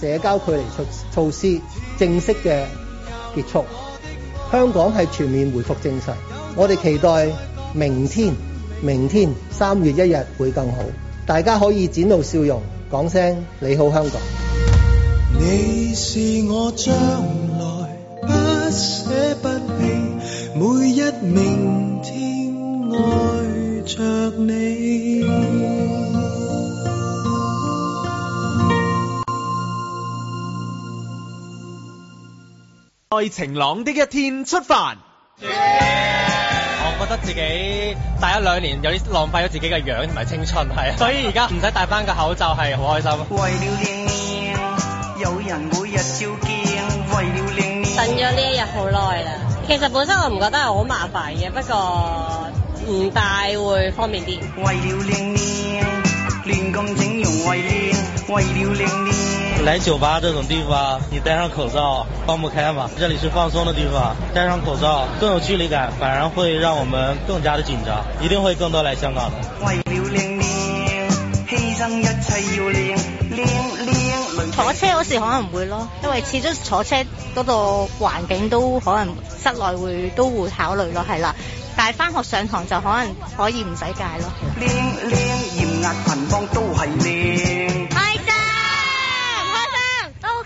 社交距離措措施正式嘅結束，香港係全面回復正常。我哋期待明天，明天三月一日會更好。大家可以展露笑容，講聲你好香港。你是我將來不捨不棄每一明天愛着你。在晴朗的一天出發。我覺得自己戴咗兩年，有啲浪費咗自己嘅樣同埋青春，係。所以而家唔使戴翻個口罩係好開心。為了靚靚，有人每日照鏡。為了靚靚，等咗呢一日好耐啦。其實本身我唔覺得係好麻煩嘅，不過唔戴會方便啲。為了靚靚，亂咁整容。為了靚。為了靚靚。來酒吧這種地方，你戴上口罩放不開嘛？這裏是放鬆的地方，戴上口罩更有距離感，反而會讓我們更加的緊張，一定會更多來香港的。為了靚靚，犧牲一切要靚靚靚。坐車嗰時可能唔會咯，因為始終坐車嗰度環境都可能室內會都會考慮咯，係啦。但係翻學上堂就可能可以唔使戒咯。靚靚嚴壓群芳都係靚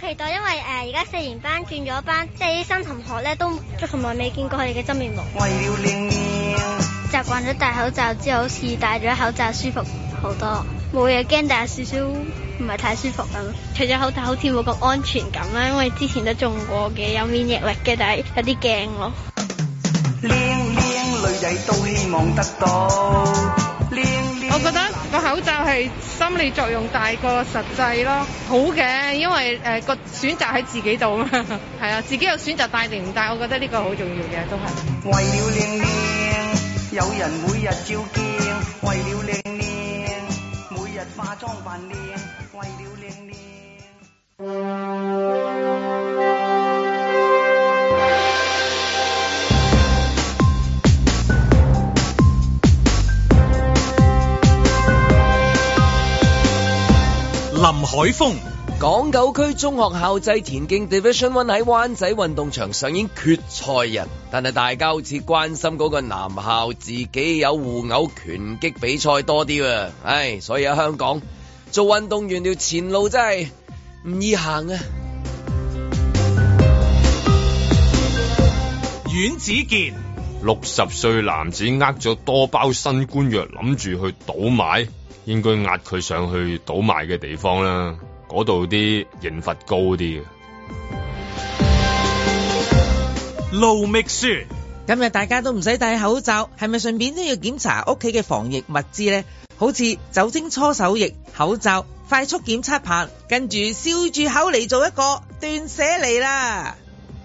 期待，因為誒而家四年班轉咗班，即係啲新同學咧都好耐未見過佢哋嘅真面目。為了靚靚，習慣咗戴口罩之後，好似戴咗口罩舒服好多，冇嘢驚，但係少少唔係太舒服咁。除咗口罩，好似冇咁安全感啦，因為之前都中過嘅，有免疫力嘅，但係有啲驚咯。靚靚女仔都希望得到。我覺得個口罩係心理作用大過實際咯，好嘅，因為誒個、呃、選擇喺自己度啊嘛，係 啊，自己有選擇戴定唔戴，我覺得呢個好重要嘅都係。為了靚靚，有人每日照鏡，為了靚靚，每日化妝扮靚，為了靚靚。林海峰，港九區中學校際田徑 Division One 喺灣仔運動場上演決賽日，但係大家好似關心嗰個男校自己有互毆拳擊比賽多啲，唉，所以喺香港做運動員條前路真係唔易行啊。阮子健，六十歲男子呃咗多包新冠藥，諗住去倒賣。應該壓佢上去倒埋嘅地方啦，嗰度啲刑罰高啲。盧覓雪，今日大家都唔使戴口罩，係咪順便都要檢查屋企嘅防疫物資咧？好似酒精搓手液、口罩、快速檢測棒，跟住笑住口嚟做一個斷捨離啦。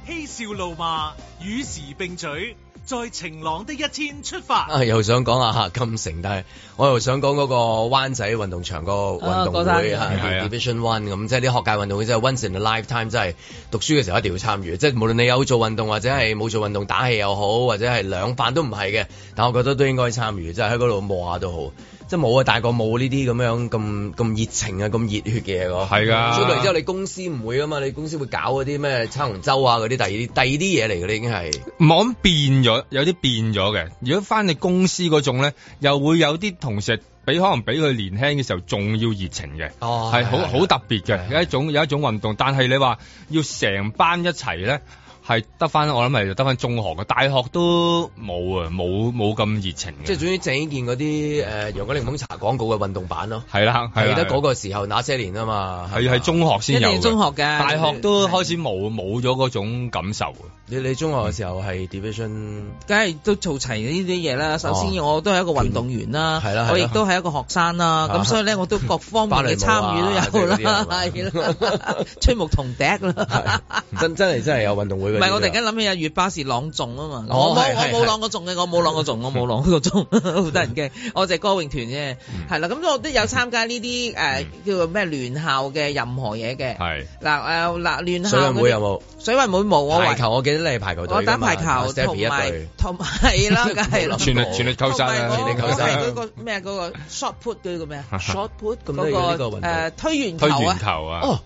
嬉笑怒罵，與時並嘴。在晴朗的一天出發。啊，又想講下金城，但係我又想講嗰個灣仔運動場、個運動會啊，Division One 咁，即係啲學界運動會即係 Once in a lifetime，即係讀書嘅時候一定要參與。即係無論你有做運動或者係冇做運動打氣又好，或者係兩範都唔係嘅，但我覺得都應該參與，即係喺嗰度望下都好。即係冇啊，大個冇呢啲咁樣咁咁熱情啊，咁熱血嘅嘢係㗎。出嚟之後，你公司唔會啊嘛，你公司會搞嗰啲咩撐龍舟啊嗰啲，第二啲第二啲嘢嚟㗎啦，已經係。冇咁變咗，有啲變咗嘅。如果翻你公司嗰種咧，又會有啲同事比可能比佢年輕嘅時候仲要熱情嘅，係好好特別嘅，有一種有一種運動。但係你話要成班一齊咧。係得翻，我諗就得翻中學嘅大學都冇啊，冇冇咁熱情嘅。即、就、係、是、總之鄭伊健嗰啲誒，陽光檸檬茶廣告嘅運動版咯。係啦，記得嗰個時候那些年啊嘛，係係中學先有，一定中學嘅。大學都開始冇冇咗嗰種感受嘅。你你中學嘅時候係 division，梗係都做齊呢啲嘢啦。首先我都係一個運動員啦，啊、我亦都係一個學生啦，咁、啊、所以咧我都各方面嘅參與都有啦，係啦、啊，些些 吹木同笛啦。 真真係真係有運動會嘅。 唔係，我突然間諗起啊，月巴士朗誦啊嘛，哦、我冇我冇朗過誦嘅， 我冇朗過誦，嗯、我冇朗過誦，好得人驚。我就係歌詠團啫，係啦，咁我都有參加呢啲誒叫做咩聯校嘅任何嘢嘅。係嗱誒嗱聯校。水運會有冇？水運會冇，我排球，我記得你係排球隊。我打排球同埋同埋係咯，係咯。 全力全力扣殺、啊、全力嗰、啊嗰個咩嗰、 嗰個 shot put 嗰個咩 shot put 咁個推鉛球啊！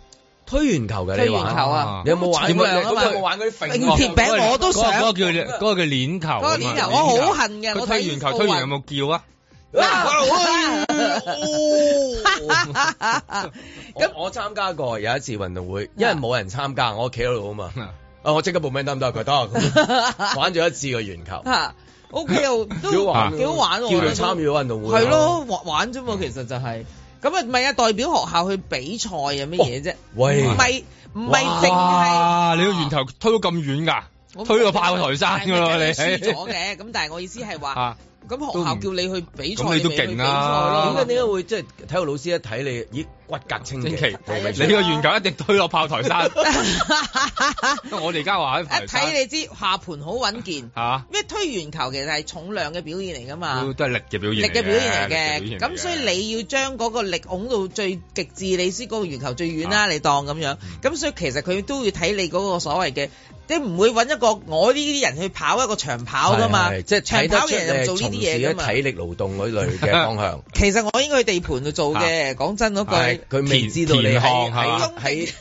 推圓球嘅，你，圓球啊！啊你有冇玩？你有冇玩、啊？有冇玩嗰啲？用鐵餅我都上、那個，嗰、那個叫嗰、那個叫鏈球、那個、球，球，我好恨嘅。我推圓球，推完，推完有冇叫啊？咁、啊啊、 那 我參加過有一次運動會， 因為冇人參加，我企喺度啊嘛 都。 啊！我即刻報名得唔得？得，玩咗一次個圓球，O K，又都幾好玩，叫做參與運動會。係、啊、咯，玩啫嘛，其實就係。咁啊，唔係啊，代表學校去比賽啊，乜嘢啫？喂，唔係唔係淨係你個源頭推到咁遠噶，推到八個台山㗎咯，你輸咗嘅。咁 但係我意思係話。啊咁學校叫你去比賽，咁你都勁啦！點解點解會即係體育老師一睇你，咦、哎、骨骼清奇，睇睇你個鉛球一定推落炮台山？ 我哋而家話喺一睇你知下盤好穩健嚇，咩推鉛球其實係重量嘅表現嚟㗎嘛？都係力嘅表現，力嘅表現嚟嘅。咁所以你要將嗰個力拱到最極致，你先嗰個鉛球最遠啦，啊。你當咁樣，咁所以其實佢都要睇你嗰個所謂嘅。即唔會揾一個我呢啲人去跑一個長跑㗎嘛？長跑人做呢啲嘢㗎嘛？從事啲體力勞動嗰類嘅方向。其實我應該去地盤度做嘅。講真嗰句，佢未知道你係喺喺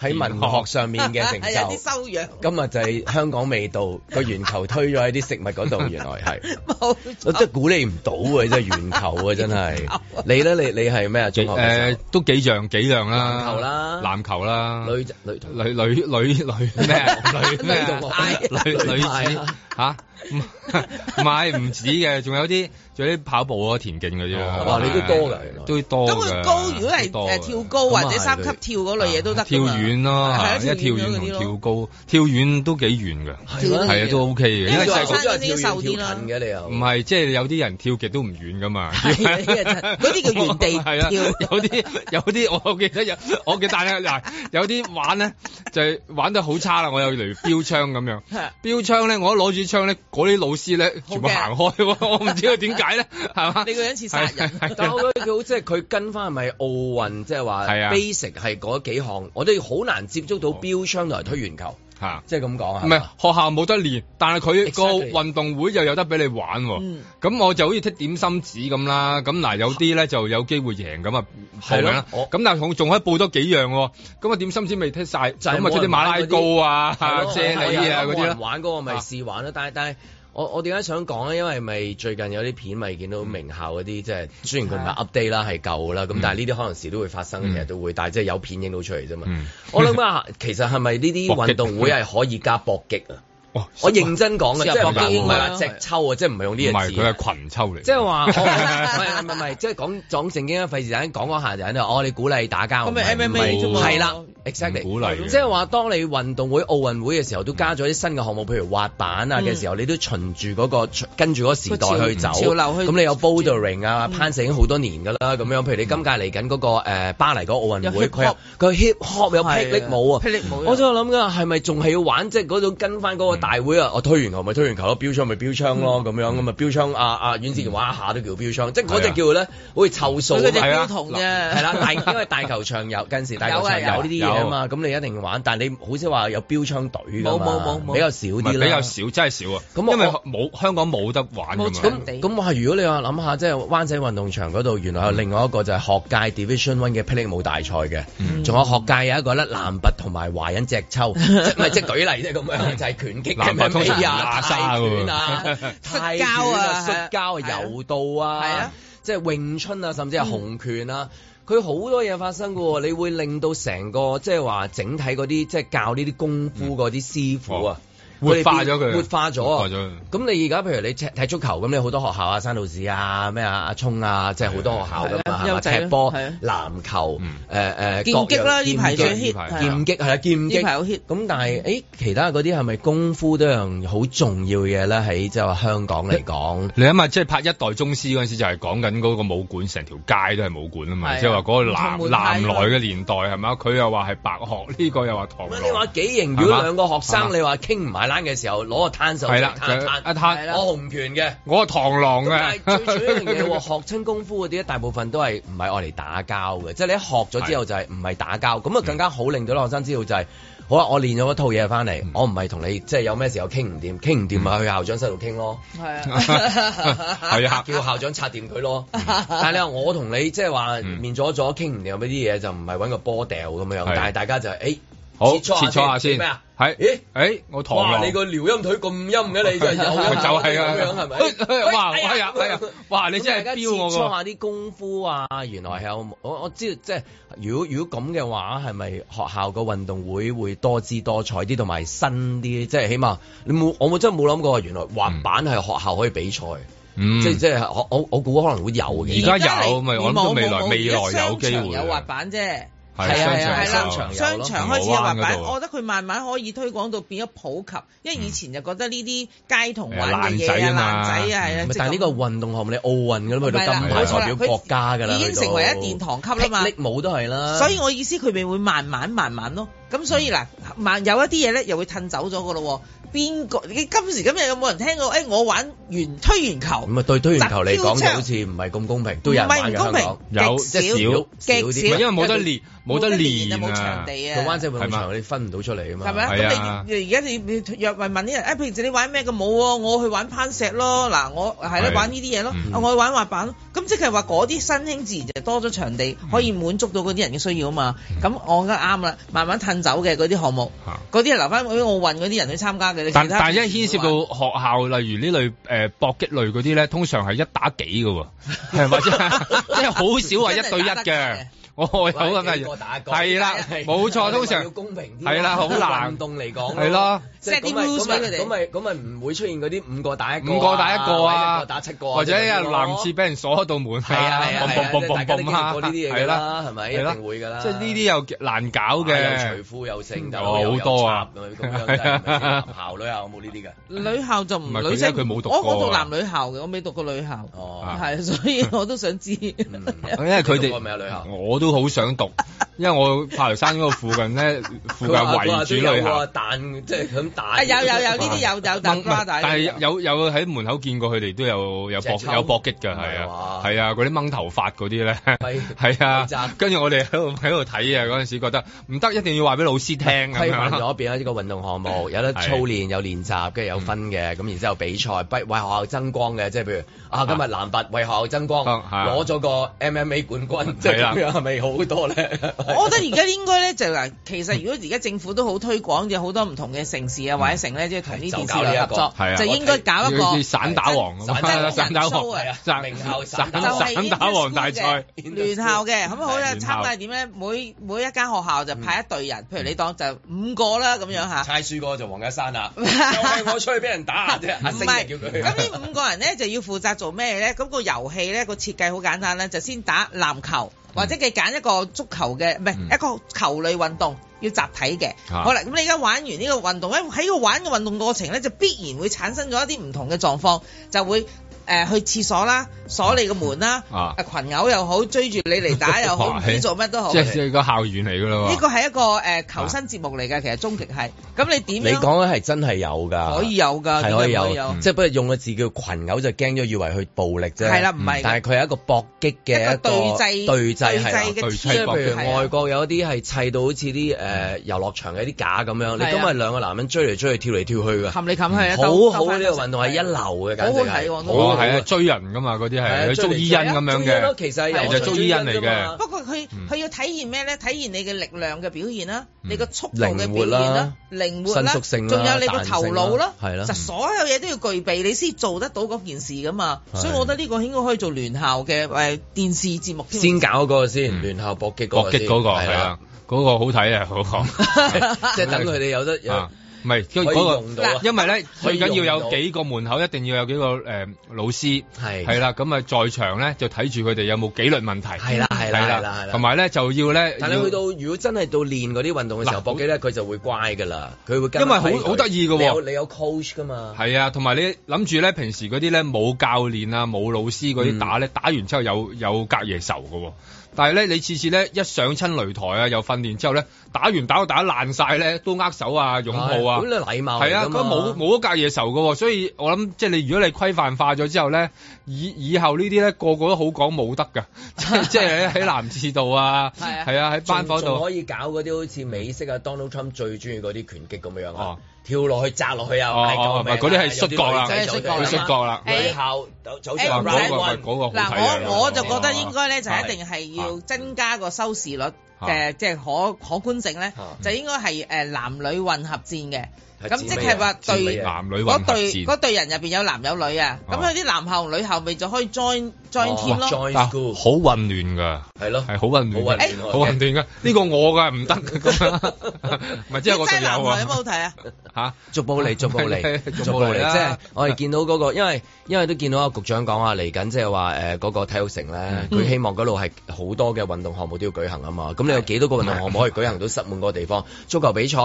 喺文學上面嘅成就。係有啲修養。今日就係香港味道，個圓球推咗喺啲食物嗰度，原來係冇。我真係估你唔到啊！真係圓球啊！真係。你咧？你你係咩啊？中學誒都幾樣幾樣啦。圓球啦，籃球啦，女女女女女女咩？咩啊？女 女，女子嚇，唔、 啊、買唔止嘅，仲有啲。嗰啲跑步啊，田徑嗰啲、哦。你都多嘅，都多。咁高，如果係跳高或者三級跳嗰類嘢都得、嗯嗯嗯。跳遠咯、嗯嗯，跳遠同、嗯、跳，跳，跳高，跳遠都幾遠㗎。係啊，啊，啊，都 OK 嘅、啊。因為細個人啲瘦啲啦，唔係，即係有啲、嗯就是、人跳極都唔遠㗎嘛。嗰啲、啊嗯嗯啊、叫原地有啲有啲，我記得有，我記得嗱，有啲玩咧就係玩得好差啦。我有例如標槍咁樣，標槍咧，我一攞住槍咧，嗰啲老師咧全部行開，我唔知佢點解。係咧，係嘛？ 你個人似殺人， 但我覺得佢好，即係佢跟翻係咪奧運，即係話 basic 係嗰幾項，我都要好難接觸到標槍同埋推鉛球，吓， 即係咁講吓。唔係學校冇得練，但係佢個運動會就有得俾你玩、哦。咁、嗯、我就好似踢點心紙咁啦。咁嗱，有啲咧就有機會贏咁啊，係啦。咁但係仲可以報多幾樣、哦。咁啊，點心紙未踢晒，就咁啊，出啲馬拉，拉糕啊，借、啊啊、你啊嗰啲啦。玩嗰個咪試玩咯、啊，但係但係。我我點解想講咧？因為咪最近有啲片咪見到名校嗰啲，嗯，即係雖然佢唔係 update 啦，啊，係舊啦。咁，嗯，但係呢啲可能時都會發生嘅，其實都會，嗯，但係即係有片影到出嚟啫嘛。我諗啊， 其實係咪呢啲運動會係可以加搏擊啊？我認真講嘅，即係唔係話直抽啊，即係唔係用呢樣字。佢係群抽嚟，即係話唔係即係講講聖經啊，費事等講講一下就喺度。你、哦、鼓勵打交，咁咪 MMA 啫啦，啦，exactly 鼓勵。即係話當你運動會、奧運會嘅時候，都加咗啲新嘅項目，譬如滑板啊嘅、嗯、時候，你都循住嗰個跟住嗰時代去走，咁你有 bouldering 啊、mode, medal, 攀石已經好多年㗎啦，咁樣。譬如你今屆嚟緊嗰個巴黎嗰奧運會，個 hip hop 有霹靂舞啊，霹靂舞。我喺度諗㗎，係咪仲係要玩即係嗰種跟翻嗰個？大會啊！我推完球咪推完球咯，標槍咪標槍咯咁樣咁、嗯、啊！標槍啊啊！阮志傑玩一下都叫標槍，即係嗰、嗯啊、只叫咧會湊數嗰隻標同啫。係 啦，大因為大球場有近時大球場有呢啲嘢啊嘛，咁你一定要玩，但係你好少話有標槍隊嘅，冇冇冇比較少啲比較少真係少啊！咁因為冇香港冇得玩嘅，咁咁我如果你話諗下，即係灣仔運動場嗰度，原來有另外一個就係學界、嗯、Division One 嘅霹靂舞大賽嘅，仲有學界有一個咧南拔同埋華人隻抽、嗯，即係咪即係舉例啫咁樣，就係、是、拳擊。南派武術啊，沙拳啊，摔跤啊，摔 跤拳、啊、柔、 啊啊啊啊、道啊，啊即係詠春啊，甚至係洪拳啊，佢、嗯、好多嘢發生、啊、你會令到成個、就是、即係話整體嗰啲即係教呢啲功夫嗰啲師傅啊。嗯哦活化咗佢，活化咗。咁、啊、你而家譬如你踢足球咁，你好多學校啊，山道士啊，咩啊，阿、啊、聰啊，即係好多學校咁啊，踢波、籃球、誒誒、嗯。劍擊啦，呢排最 hit 劍。劍擊啊，劍擊呢排好 hit。咁但係，誒其他嗰啲係咪功夫都係好重要嘅嘢咧？喺即係話香港嚟講。你諗下、就係，即係拍《一代宗師》嗰陣時，就係講緊嗰個武館，成條街都係武館啊嘛。即係話嗰個南南來嘅年代係咪？佢又話係白鶴，呢、這個又話唐。咁你話幾人與兩個學生，你話傾唔埋？嘅時候攞個攤手係啦，一攤我紅拳嘅，我，我螳螂嘅。但係 學親功夫嗰啲，大部分都係唔係愛嚟打交嘅。即、就、係、是、你一學咗之後就是是，就係唔係打交。咁啊，更加好令到啲學生知道就係、是，好啦，我練咗一套嘢翻嚟，嗯、我唔係同你即係、就是、有咩時候傾唔掂，傾唔掂咪去校長室度傾咯。係啊，係啊，叫校長拆掂佢咯。 但係你話我同你即係話面左左傾唔掂嗰啲嘢，就唔係搵個波掉咁樣。但係大家就係、是、誒。欸好切磋下先，係咪咦？我同你哇！你個撩音腿咁陰嘅，你就係咁樣，係咪？哇！係啊，係啊，啊，啊，啊、哎、啊、啊，哇！咁、啊啊啊、大家切磋下啲功夫啊，原來有我，我知道，即係如果如果咁嘅話，係咪學校個運動會會多姿多彩啲，同埋新啲？即係起碼你冇，我冇真係冇諗過，原來滑板係學校可以比賽，嗯、即係即係我我估可能會有嘅。而家有我諗到未來未來有機會有滑板啫。係啊，係啊，係啦，商場開始有滑板，我覺得佢慢慢可以推廣到變咗普及。因為以前就覺得呢啲街童玩嘅嘢啊，爛仔啊，係啊。但係呢個運動項目，你奧運咁去到金牌代表國家㗎啦，已經成為一殿堂級啦嘛。力舞都係啦。所以我意思佢哋會慢慢慢慢咯。咁所以嗱，慢有一啲嘢咧，又會褪走咗㗎咯。邊個？你今時今日有冇人聽過？誒，我玩完推完球。咁啊，對推完球你講就好似唔係咁公平，多人玩嘅香港有即少極少，因為冇得練。冇得練，有冇場地啊！做、啊、灣仔會場，你分唔到出嚟啊嘛！係咪？咁你而家你要若為問啲人，啊，譬如你玩咩嘅冇喎，我去玩攀石咯。嗱，我係咯，玩呢啲嘢咯。我去玩滑板咯。咁即係話嗰啲新興自然就多咗場地，可以滿足到嗰啲人嘅需要啊嘛。咁、嗯、我梗啱啦，慢慢褪走嘅嗰啲項目，嗰啲留翻嗰啲奧運嗰啲人去參加嘅。但但係一牽涉到學校，例如呢類誒、呃、搏擊類嗰啲咧，通常係一打幾嘅喎，係咪？即係好少話一對一嘅。哦，好啊，例如係啦，冇錯，通常係啦，好難運動嚟講係咯。set 啲 music 佢哋咁咪咁咪唔會出現嗰啲五個打一個啊，五個打一個啊，或者又男廁俾人鎖到門係啊，係啊，大家經過呢啲嘢啦，係咪一定會㗎啦？即係呢啲又難搞嘅，有財富有成就，好多啊咁樣仔校女校冇呢啲㗎，女校就唔係女仔佢冇讀過，我讀男女校嘅，我未讀過女校，係，所以我都想知，因為佢哋未有女校，我都。都好想讀。因為我炮台山嗰個附近咧， 附近圍住旅行，彈即係咁彈。有有有呢啲、啊、有有打但係有有喺門口見過佢哋都有有搏有搏擊嘅。係啊，係 啊，嗰啲掹頭髮嗰啲咧，係啊，跟住我哋喺度喺度睇啊，嗰陣、啊啊啊、時候覺得唔得，一定要話俾老師聽。規範咗變啦，呢個運動項目有得操練，有練習，跟住有分嘅，咁、嗯、然之後，後比賽，不、嗯、為學校爭光嘅，即係譬如啊，啊，今日男拔為學校爭光，攞咗個 MMA 冠軍，即係咁樣係咪好多咧？ 我覺得而家應該咧就嗱，其實如果而家政府都好推廣，有好多唔同嘅城市啊或者城咧、嗯，即係同呢啲協力合作，就應該搞一個散打、散、散、散、打散、散打王，散打王大賽聯校嘅，咁好咧，參加點咧？每每一間學校就派一隊人，譬如你當就五個啦咁樣吓。猜輸哥就黃家山啦，我出去俾人打啫，咁呢五個人咧就要負責做咩咧？咁個遊戲咧個設計好簡單咧，就先、是、打籃球。或者佢揀一個足球嘅，唔係、嗯、一個球類運動要集體嘅。啊、好啦，咁你而家玩完呢個運動咧，喺個玩嘅運動過程咧，就必然會產生咗一啲唔同嘅狀況，就會。誒、呃、去廁所啦，鎖你個門啦，啊啊、群毆又好，追住你嚟打又好，唔知做乜都好。即係個校園嚟㗎啦。呢、這個係一個誒、呃、求生節目嚟㗎，其實終極係咁你點？你講咧係真係有㗎，可以有㗎，可以有。以有嗯、即係不如用個字叫群毆就驚咗以為佢暴力啫。係、嗯、啦，唔係。但係佢係一個搏擊嘅一,一個對峙，對峙係譬如外國有啲係砌到好似啲誒遊樂場嘅啲架咁樣，你今日兩個男人追嚟追去跳嚟跳去嘅。冚你冚係啊！好好呢個運動係一流嘅，好好睇喎。係啊，追人噶嘛，嗰啲係佢捉伊恩咁樣嘅，其實人、啊、就捉伊恩嚟嘅。不過佢佢要體現咩咧？體、嗯、現你嘅力量嘅表現啦、嗯，你個速度嘅表現啦、靈、嗯、活啦、啊、仲、啊啊、有你個頭腦啦、啊、就、啊啊、所有嘢都要具備，你先做得到嗰件事噶嘛、嗯。所以我覺得呢個應該可以做聯校嘅誒、啊、電視節目係、啊、先。搞嗰個先，聯、嗯、校搏擊嗰個。搏擊嗰個係啦，嗰、啊嗰個好睇啊，好講。即係等佢哋有得、啊唔係因為咧最緊要有幾個門口，一定要有幾個、呃、老師，係係啦，咁啊在場咧就睇住佢哋有冇紀律問題，係啦係啦係啦，同埋咧就要咧。但你去到如果真係到練嗰啲運動嘅時候，搏擊咧佢就會乖㗎喇，佢會因為好好得意㗎喎，你有 coach 㗎嘛？係啊，同埋你諗住咧平時嗰啲咧冇教練啊冇老師嗰啲打咧、嗯，打完之後有有隔夜仇㗎喎、啊。但係咧，你次次咧一上親擂台啊，又訓練之後咧，打完打到打爛晒咧，都握手啊、擁抱啊，嗰啲禮貌係啊，佢冇冇一隔夜仇噶喎。所以我諗即係你，如果你規範化咗之後咧，以以後呢啲咧個個都好講武德噶， 即係喺男廁度啊，係 啊，喺班房度可以搞嗰啲好似美式啊，Donald Trump 最中意嗰啲拳擊咁樣跳落去炸落去、哦欸欸那個、啊，係咁係啊，嗰啲係摔角啦，即係摔角啦。佢以後就好似話嗱，嗱，我我就覺得應該咧，就一定係要增加個收視率誒，即係可可觀性咧、啊，就應該係誒，男女混合戰嘅。咁即係話對男女，嗰對人入邊有男有女啊！咁有啲男校同女校咪就可以 join、哦、join 添咯，好咯好、欸。好混亂㗎，係咯，係好混亂，好混亂㗎。呢、欸這個我㗎唔得咁咪即係我仲有啊！有冇睇啊？吓、啊，逐步嚟，逐步嚟，逐步嚟。即、啊、係、就是、我哋見到嗰、那個， 因為因為都見到個局長講話嚟緊，即係話誒嗰個體育城咧，佢、嗯、希望嗰度係好多嘅運動項目都要舉行啊嘛。咁、嗯、你有幾多個運動項目可以舉行到室滿嗰個地方？ 足球比賽，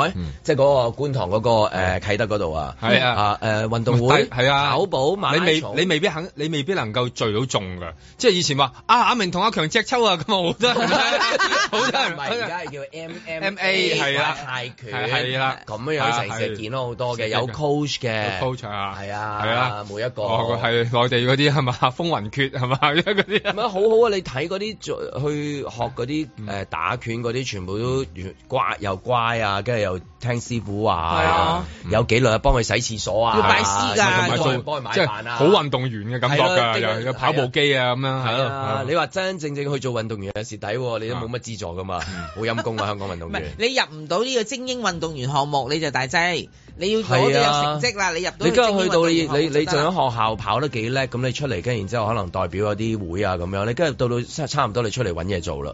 即係嗰個觀塘嗰、那個。誒、呃、啟德嗰度啊，係啊誒、啊呃、運動會係啊，啊，跑步、馬拉松、你未你未必肯，你未必能夠聚到眾㗎。即係以前話、啊、阿明同阿強隻抽啊，咁好多，好 真係唔係而家係叫 MMA 係啦、啊，泰拳係啦，咁、啊啊、樣成成、啊啊、見到好多嘅，有 coach 嘅，coach 係啊，係啊，啊，每一個係內地嗰啲係嘛，風雲決，係嘛嗰啲，咁 樣、啊、好好啊！你睇嗰啲去學嗰啲、嗯、打拳嗰啲，全部都乖又乖啊，跟住又聽師傅話、啊。嗯、有幾耐啊？幫佢洗廁所啊！要擺屎㗎，同佢幫佢買飯啊！啊幫佢幫佢買飯啊好運動員嘅感覺㗎、啊，跑步機啊咁樣你話真真正正去做運動員有時抵、啊，你都冇乜資助噶嘛，好陰功啊！ 香港運動員。 你入唔到呢個精英運動員項目，你就大劑。你要攞到成績啦，你入到你今日去，去到你就你你仲喺學校跑得幾叻，咁你出嚟跟然之後可能代表嗰啲會啊咁樣，你跟住到到差唔多你出嚟揾嘢做啦。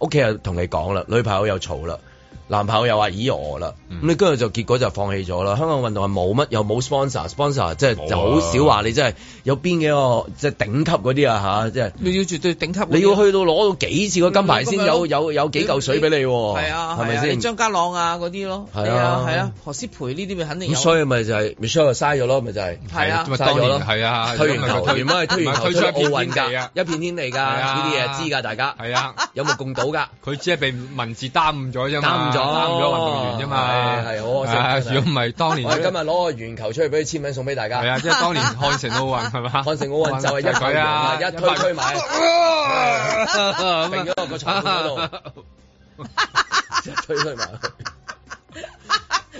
屋企又同你講啦，女朋友又嘈啦。男朋友又話咦我啦，咁你跟住就結果就放棄咗啦。香港運動係冇乜，又冇 sponsor，sponsor 即係就好、是、少話你，真係有邊幾個即係頂級嗰啲啊吓，即、就、係、是、你要絕對頂級，你要去到攞到幾次個金牌先有有有幾嚿水俾你，係啊，係咪先？張家朗啊嗰啲咯，係啊係啊，啊，何詩蓓呢啲咪肯定。Michelle 咪就係 Michelle 就嘥咗咯，咪就係係啊嘥咗咯，係啊，退完頭退完媽，退完頭退出奧運㗎，一片天地噶呢啲嘢，知噶大家係啊，有目共睹噶。佢只係被文字耽誤咗啫嘛。 哦，運動員啫嘛，係係，好如果唔係當年，我哋今日攞個圓球出去俾你簽名，送俾大家，係啊，即係當年漢城奧運係咪？漢城奧運，運就係一舉、就是、啊，一推推埋，明咗落個床嗰度，一推推埋。啊嗯嗯啊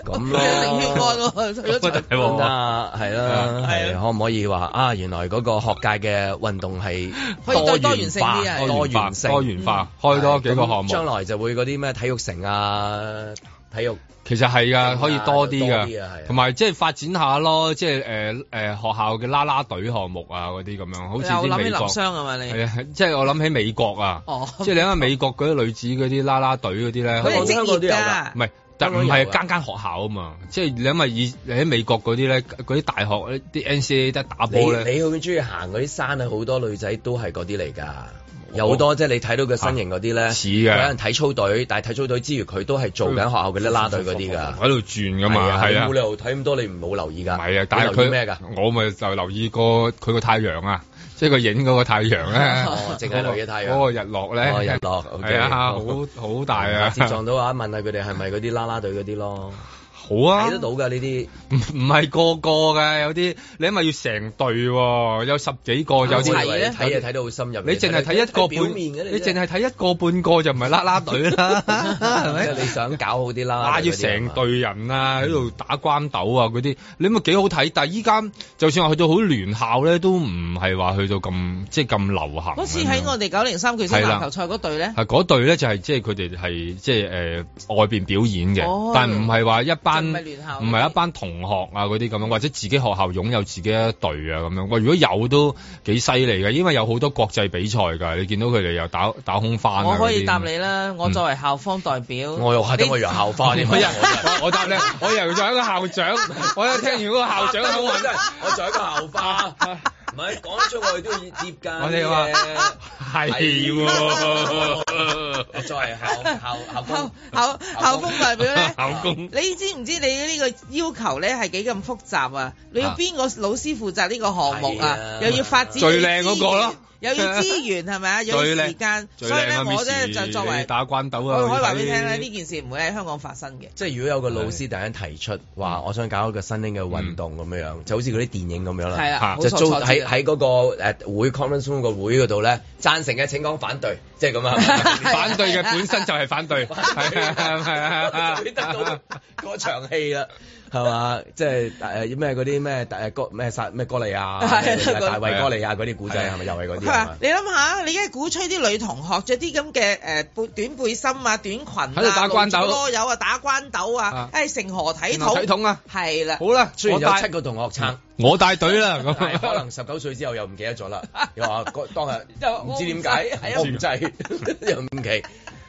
咁咯，係咯，係啦，係可唔可以話啊？原來嗰個學界嘅運動係多， 多元化、多元化、多元化多元化嗯、開多幾個項目，啊、將來就會嗰啲咩體育城啊、體育，其實係㗎，可以多啲㗎。同埋即係發展下囉，即係誒學校嘅啦啦隊項目啊嗰啲咁樣，好似啲美國係你、啊、你，即係、啊就是、我諗起美國啊，即、哦、係、就是、你睇下美國嗰啲女子嗰啲啦啦隊嗰啲咧，香港都有啦，唔係。但唔係間間學校啊嘛，嗯、即係你因為以你喺美國嗰啲咧，嗰啲大學啲 NCAA 得打波咧。你，你好中意行嗰啲山，係係啊，好多女仔都係嗰啲嚟噶，有好多即係你睇到佢身形嗰啲咧。似噶。有人體操隊，但係體操隊之餘，佢都係做緊學校嘅啲拉隊嗰啲噶。喺度轉噶嘛，係啊。冇、啊啊、理由睇咁多，你唔好留意噶。係啊，但係佢咩噶？我咪就留意過佢個太陽啊。一個影嗰個太陽咧，淨喺度嘅太陽嗰、嗰個日落咧、哦，日落，係、okay、啊，好好 大啊，撞、嗯、到啊，問下佢哋係咪嗰啲啦啦隊嗰啲咯。好啊，睇得到㗎呢啲，唔唔係個個㗎，有啲你咁咪要成隊喎，有十幾個，有啲睇咧，睇嘢睇得好深入，你淨係睇一個半面，你淨係睇一個半個就唔係啦啦隊啦，係咪？你想搞好啲啦，哇！要成隊人啊，喺度打關鬥啊嗰啲，你咁咪幾好睇？但係依家就算話去到好聯校咧，都唔係話去到咁即係咁流行。好似喺我哋九零三嗰次籃球賽嗰隊咧，係嗰隊咧就係即係佢哋係即係誒外邊表演嘅，但係唔係話一。班唔係一班同學啊，嗰啲咁樣，或者自己學校擁有自己一隊啊，咁樣。哇，如果有都幾犀利嘅，因為有好多國際比賽㗎。你見到佢哋又打打空翻，啊，我可以答你啦，嗯。我作為校方代表，我又係點？我由校花， 我，我，我答你， 我又做一個校長。 我一聽完嗰個校長嘅口吻， 我做一個校花。 唔係講出去都要接㗎， 我哋話係喎，再校校校校校工，校校校工校校代表咧，校工，你知唔知你呢個要求咧係幾咁複雜啊？你要邊個老師負責呢個項目啊？啊又要發展 最靚嗰個囉。有啲資源係咪啊？ 是是有要有時間，所以咧我咧就作為打關斗、啊，我可以話俾你聽咧，呢件事唔會喺香港發生嘅。即係如果有個老師突然間提出話、嗯，我想搞一個新興嘅運動咁樣，嗯嗯、樣，就好似嗰啲電影咁樣啦，就租喺喺嗰個誒會 conference 個會嗰度咧，贊成嘅請講，反對，即係咁樣反對嘅本身就係反對，係啊係啊， 會得到嗰場戲啦係 嘛，即係誒咩嗰啲咩誒哥咩咩哥利亞，大衛哥利亞嗰啲古仔係咪又係嗰啲？你諗下，你而家鼓吹啲女同學着啲咁嘅誒背短背心啊、短裙啊，好多有啊打關斗啊，誒成何體統。體統啊，係啦。好啦，雖然有七個同學撐，我帶隊啦。咁、嗯、可能十九歲之後又唔記得咗啦， 又話當日唔知點解係一個唔制又唔奇。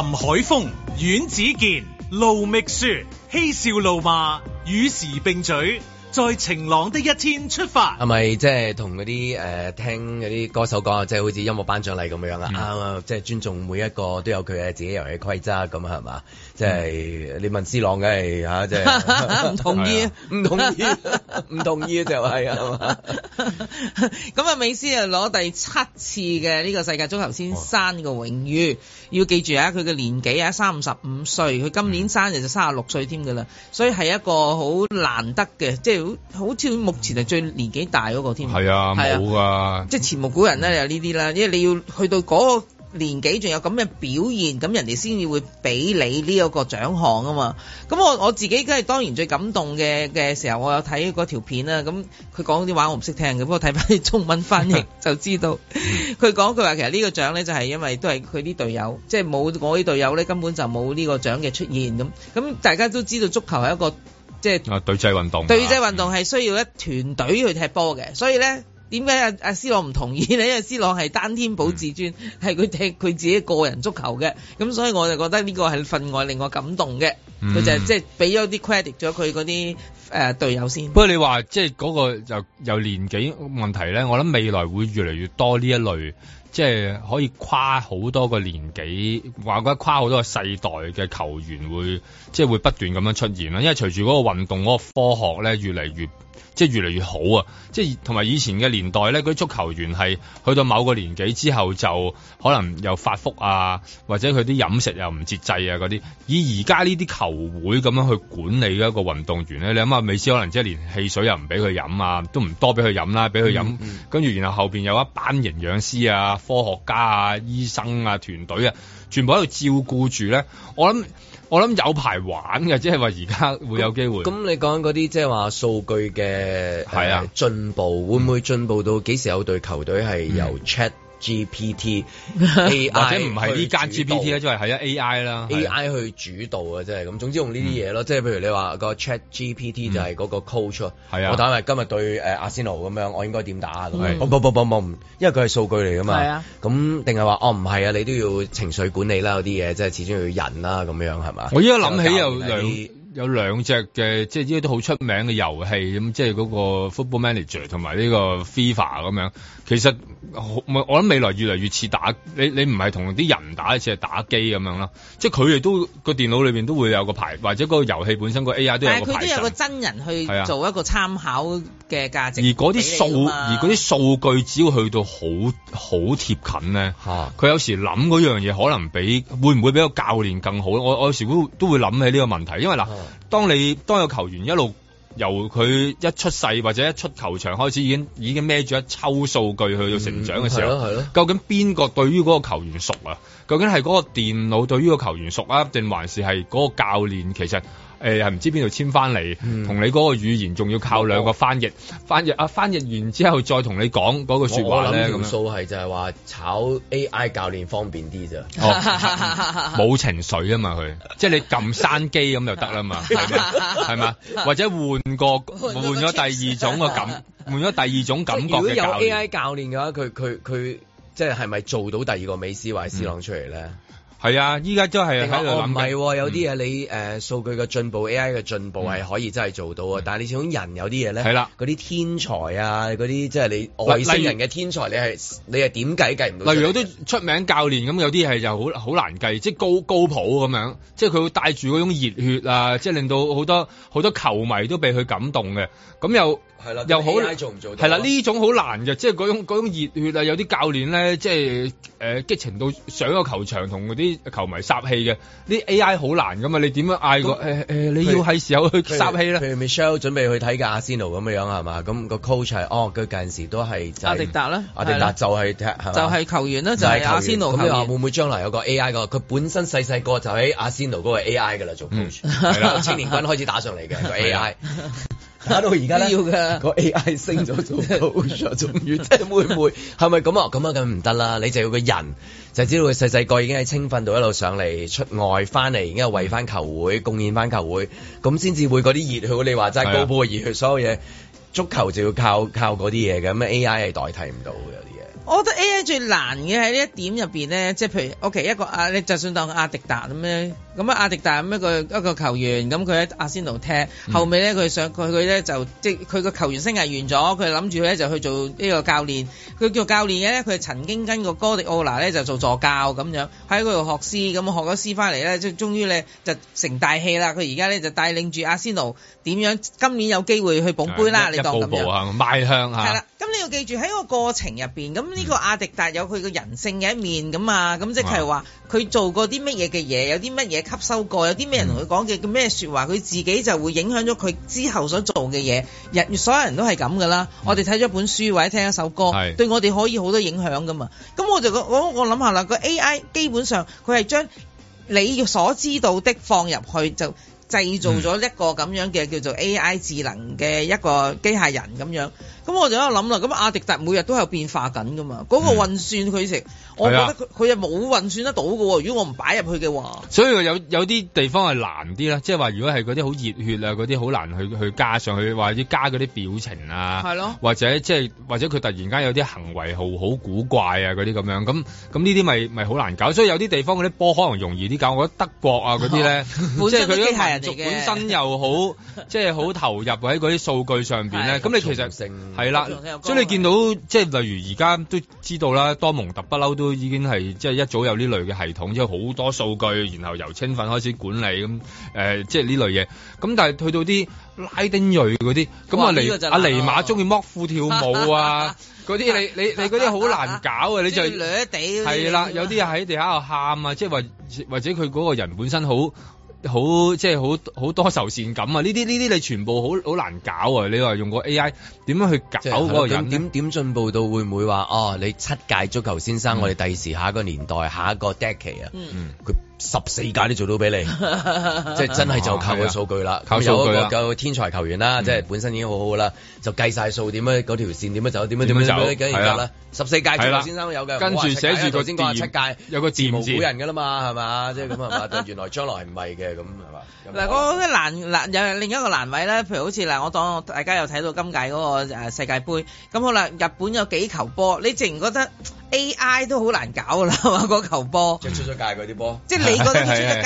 林海峰、阮子健、盧覓雪、嬉笑怒罵，與時並舉，在晴朗的一天出發。係咪即係同嗰啲誒聽嗰啲歌手講、就是嗯、啊？即係好似音樂頒獎禮咁樣啊？啱啊，即係尊重每一個都有佢嘅自己遊戲規則咁係嘛？是即係你問思朗梗係吓，即係唔 同意，唔、啊、 同意，唔 同，意 同意就係啊咁啊。 對吧 那美斯啊攞第七次嘅呢個世界足球先生嘅榮譽，哦，要記住啊，佢嘅年紀啊，三十五歲，佢今年生日就三十六歲添㗎啦，所以係一個好難得嘅，即、就、係、是、好好似目前係最年紀大嗰、那個添。係 啊，冇噶、啊啊啊，即係前無古人啦，嗯、有呢啲啦，因為你要去到嗰、那個年紀仲有咁嘅表現，咁人哋先至會俾你呢一個獎項啊嘛！咁我我自己梗係當然最感動嘅嘅時候，我有睇嗰條片啦。咁佢講啲話我唔識聽嘅，不過睇翻啲中文翻譯就知道，佢講佢話其實呢個獎呢，就係因為都係佢啲隊友，即係冇我啲隊友呢，根本就冇呢個獎嘅出現。咁咁大家都知道足球係一個即係啊隊制運動，隊制運動係需要一團隊去踢波嘅，所以呢。點解阿阿 C 朗唔同意呢？因為 C 朗係單天保至尊，係佢踢佢自己個人足球嘅，咁所以我就覺得呢個係分外令我感動嘅。佢、嗯、就係即係俾咗啲 credit 咗佢嗰啲誒隊友先。不過你話即係嗰個又由年紀問題咧，我諗未來會越嚟越多呢一類，即係可以跨好多個年紀，或者跨好多個世代嘅球員會，即係會不斷咁樣出現啦。因為隨住嗰個運動嗰個科學咧越嚟越。即係越嚟越好啊！即係同埋以前嘅年代咧，嗰啲足球員係去到某個年紀之後就可能又發福啊，或者佢啲飲食又唔節制啊嗰啲。以而家呢啲球會咁樣去管理一個運動員咧，你諗下美斯可能即係連汽水又唔俾佢飲啊，都唔多俾佢飲啦、啊，俾佢飲，跟、嗯、住、嗯、然後後面有一班營養師啊、科學家啊、醫生啊團隊啊，全部喺度照顧住咧，我諗。我諗有排玩嘅，即係話而家會有機會。咁你講嗰啲即係話數據嘅係啊進步，會唔會進步到幾時有隊球隊係由 check？GPT、AI、或者唔係呢間 GPT 咧，即係係啊 AI 啦，AI 去主導啊，即係咁。總之用呢啲嘢咯，即、嗯、係譬如你話、個 Chat GPT 就係嗰個 Coach，嗯、我打埋、啊、今日對誒阿仙奴咁樣，我應該點打？咁哦、嗯，不不不，不，唔，因為佢係數據嚟㗎嘛。咁定係話哦，唔係啊，你都要情緒管理啦，有啲嘢即係始終要人啦，咁樣係嘛？我依家諗起又兩。有兩隻嘅，即係呢啲都好出名嘅遊戲咁，即係嗰個 Football Manager 同埋呢個 FIFA 咁樣。其實，我諗未來越嚟越似打你，你唔係同啲人打，似係打機咁樣啦。即係佢哋都個電腦裏面都會有個牌，或者個遊戲本身個 AI 都有個牌。但佢都有個真人去做一個參考嘅價值、啊。而嗰啲數，而嗰啲數據只要去到好好貼近咧，佢有時諗嗰樣嘢可能比會唔會比個教練更好，我我有時都都會諗起呢個問題，因為嗱。當你當個球員一路由佢一出世或者一出球場開始已經已經孭住一抽數據去到成長嘅時候，嗯啊啊、究竟邊個對於嗰個球員熟啊？究竟係嗰個電腦對於個球員熟啊，定還是係嗰個教練其實？誒、欸、唔知邊度簽返嚟，同你嗰個語言仲要靠兩個翻譯，翻譯、啊、翻譯完之後再同你講嗰個說話呢，咁、哦、數係就係話炒 AI 教練方便啲咋，冇、哦、 情緒啊嘛佢，即係你撳山機咁就得啦嘛，係 咪？或者換個換咗第二種個感，換咗第二種感覺嘅教練。如果有 AI 教練嘅話，佢佢佢即係係咪做到第二個美斯或係斯朗出嚟呢？嗯係啊，依家都係喺度諗。係、哦嗯、有啲嘢你誒，數、呃、據嘅進步，AI 嘅進步係可以真係做到啊！嗯、但係你始終人有啲嘢咧，係啦，嗰啲天才啊，嗰啲即係你外星人嘅天才你，你係你係點計都計唔到。例如有啲出名教練咁，有啲係就好好難計，即係高高普咁樣，即係佢會帶住嗰種熱血啊，即係令到好多好多球迷都被佢感動嘅，咁又。係啦，又好 AI 做唔做？係啦，呢種好難嘅，即係嗰種嗰種熱血啊！有啲教練咧，即係誒、呃，激情到上個球場同嗰啲球迷殺氣嘅，啲 AI 好難噶嘛，你點樣嗌個？誒誒、欸，你要喺時候去殺氣啦。Michelle 準備去睇嘅阿仙奴咁樣樣係嘛？咁、那個 coach 係哦，佢近時都係阿迪達啦，阿迪達、嗯啊、就係、是、踢，就係、是、球員啦，就係阿仙奴球員。就是、阿仙奴，球員會唔會將來有個 AI 個？佢本身細細個就喺阿仙奴嗰個 AI 噶啦，做 coach，係啦，青、嗯、 年軍開始打上嚟嘅 個 AI。 打到而家咧，要的那個 AI 升咗仲高，上仲遠，會唔會係咪咁啊？咁啊，梗唔得啦！你就要個人，就知道佢細細個已經喺青訓度一路上嚟，出外翻嚟，已經為翻球會貢獻翻球會，咁先至會嗰啲熱血。你話齋高波嘅熱血，啊、所有嘢足球就要靠靠嗰啲嘢嘅，咁 AI 係代替唔到嘅。我覺得 A.I 最難嘅喺呢一點入邊咧，即係譬如 OK，一個阿，你就算當阿迪達咁咧，咁阿阿迪達咁一個一個球員，咁佢喺阿仙奴踢，後尾咧佢上佢佢咧就即係佢個球員生涯完咗，佢諗住咧就去做呢個教練。佢做教練嘅咧，佢曾經跟過哥迪奧拿咧就做助教咁樣喺嗰度學師，咁學咗師翻嚟咧，即係終於咧就成大器啦。佢而家咧就帶領住阿仙奴點樣今年有機會去捧杯啦。你當咁樣，邁向嚇。你要記住喺個過程入邊，咁呢個阿迪達有佢嘅人性嘅一面咁啊，咁即係話佢做過啲乜嘢嘅嘢，有啲乜嘢吸收過，有啲咩人同佢講嘅咩說話，佢自己就會影響咗佢之後所做嘅嘢。人，所有人都係咁噶啦。嗯、我哋睇咗本書或者聽一首歌，對我哋可以好多影響噶嘛。咁我就我我諗下啦，個 AI 基本上佢係將你所知道的放入去就。製造咗一個咁樣嘅叫做 A.I. 智能嘅一個機械人咁樣，咁我就喺度諗啦。咁阿迪達每日都有變化緊噶嘛，嗰個運算佢成。我覺得佢佢又冇運算得到㗎喎，如果我唔擺入去嘅話，所以有有啲地方係難啲啦。即係話如果係嗰啲好熱血啊，嗰啲好難去去加上去，或者加嗰啲表情啊，係咯、啊，或者即係、就是、或者佢突然間有啲行為好好古怪啊嗰啲咁樣，咁咁呢啲咪咪好難搞。所以有啲地方嗰啲波可能容易啲搞。我覺得德國啊嗰啲咧，即係佢啲民族本身又好，即係好投入喺嗰啲數據上面咧。咁、啊、你其實係啦、啊，所以你見到即係、啊、例如而家都知道啦，多蒙特不嬲都。都已經係即係一早有呢類嘅系統，即係好多數據，然後由青訓開始管理咁，誒，即係呢類嘢。咁但係去到啲拉丁裔嗰啲，咁啊尼阿尼馬中意剝褲跳舞啊，嗰啲你你你嗰啲好難搞啊，你就係係啦，有啲啊喺地下度喊啊，即係或或者佢嗰個人本身好。好即係好好多愁善感啊！呢啲呢啲你全部好好難搞啊！你話用個 AI 點樣去搞嗰個人？點點進步到會唔會話？哦？你七屆足球先生，嗯、我哋第時下一個年代，下一個 decade 啊！嗯嗯。十四屆都做到俾你， 即係真係就靠個數據啦、嗯啊啊。靠數據有個、啊有個，啊、有個天才球員啦、嗯，即係本身已經好好啦，就計晒數，點樣嗰條線點樣走，點樣點樣走，咁而家咧十四屆趙先生有嘅、啊，跟住寫住個字，有個字字人㗎啦嘛，係嘛？即係咁係原來將來係唔係嘅咁係嘛？嗱，我覺得難難有另一個難位咧，譬如好似嗱，我當大家又睇到今屆嗰個世界盃，咁好啦，日本有幾球波，你淨然覺得 AI 都好難搞啦，係嘛？嗰球波即出咗界嗰啲波，你覺得佢出咗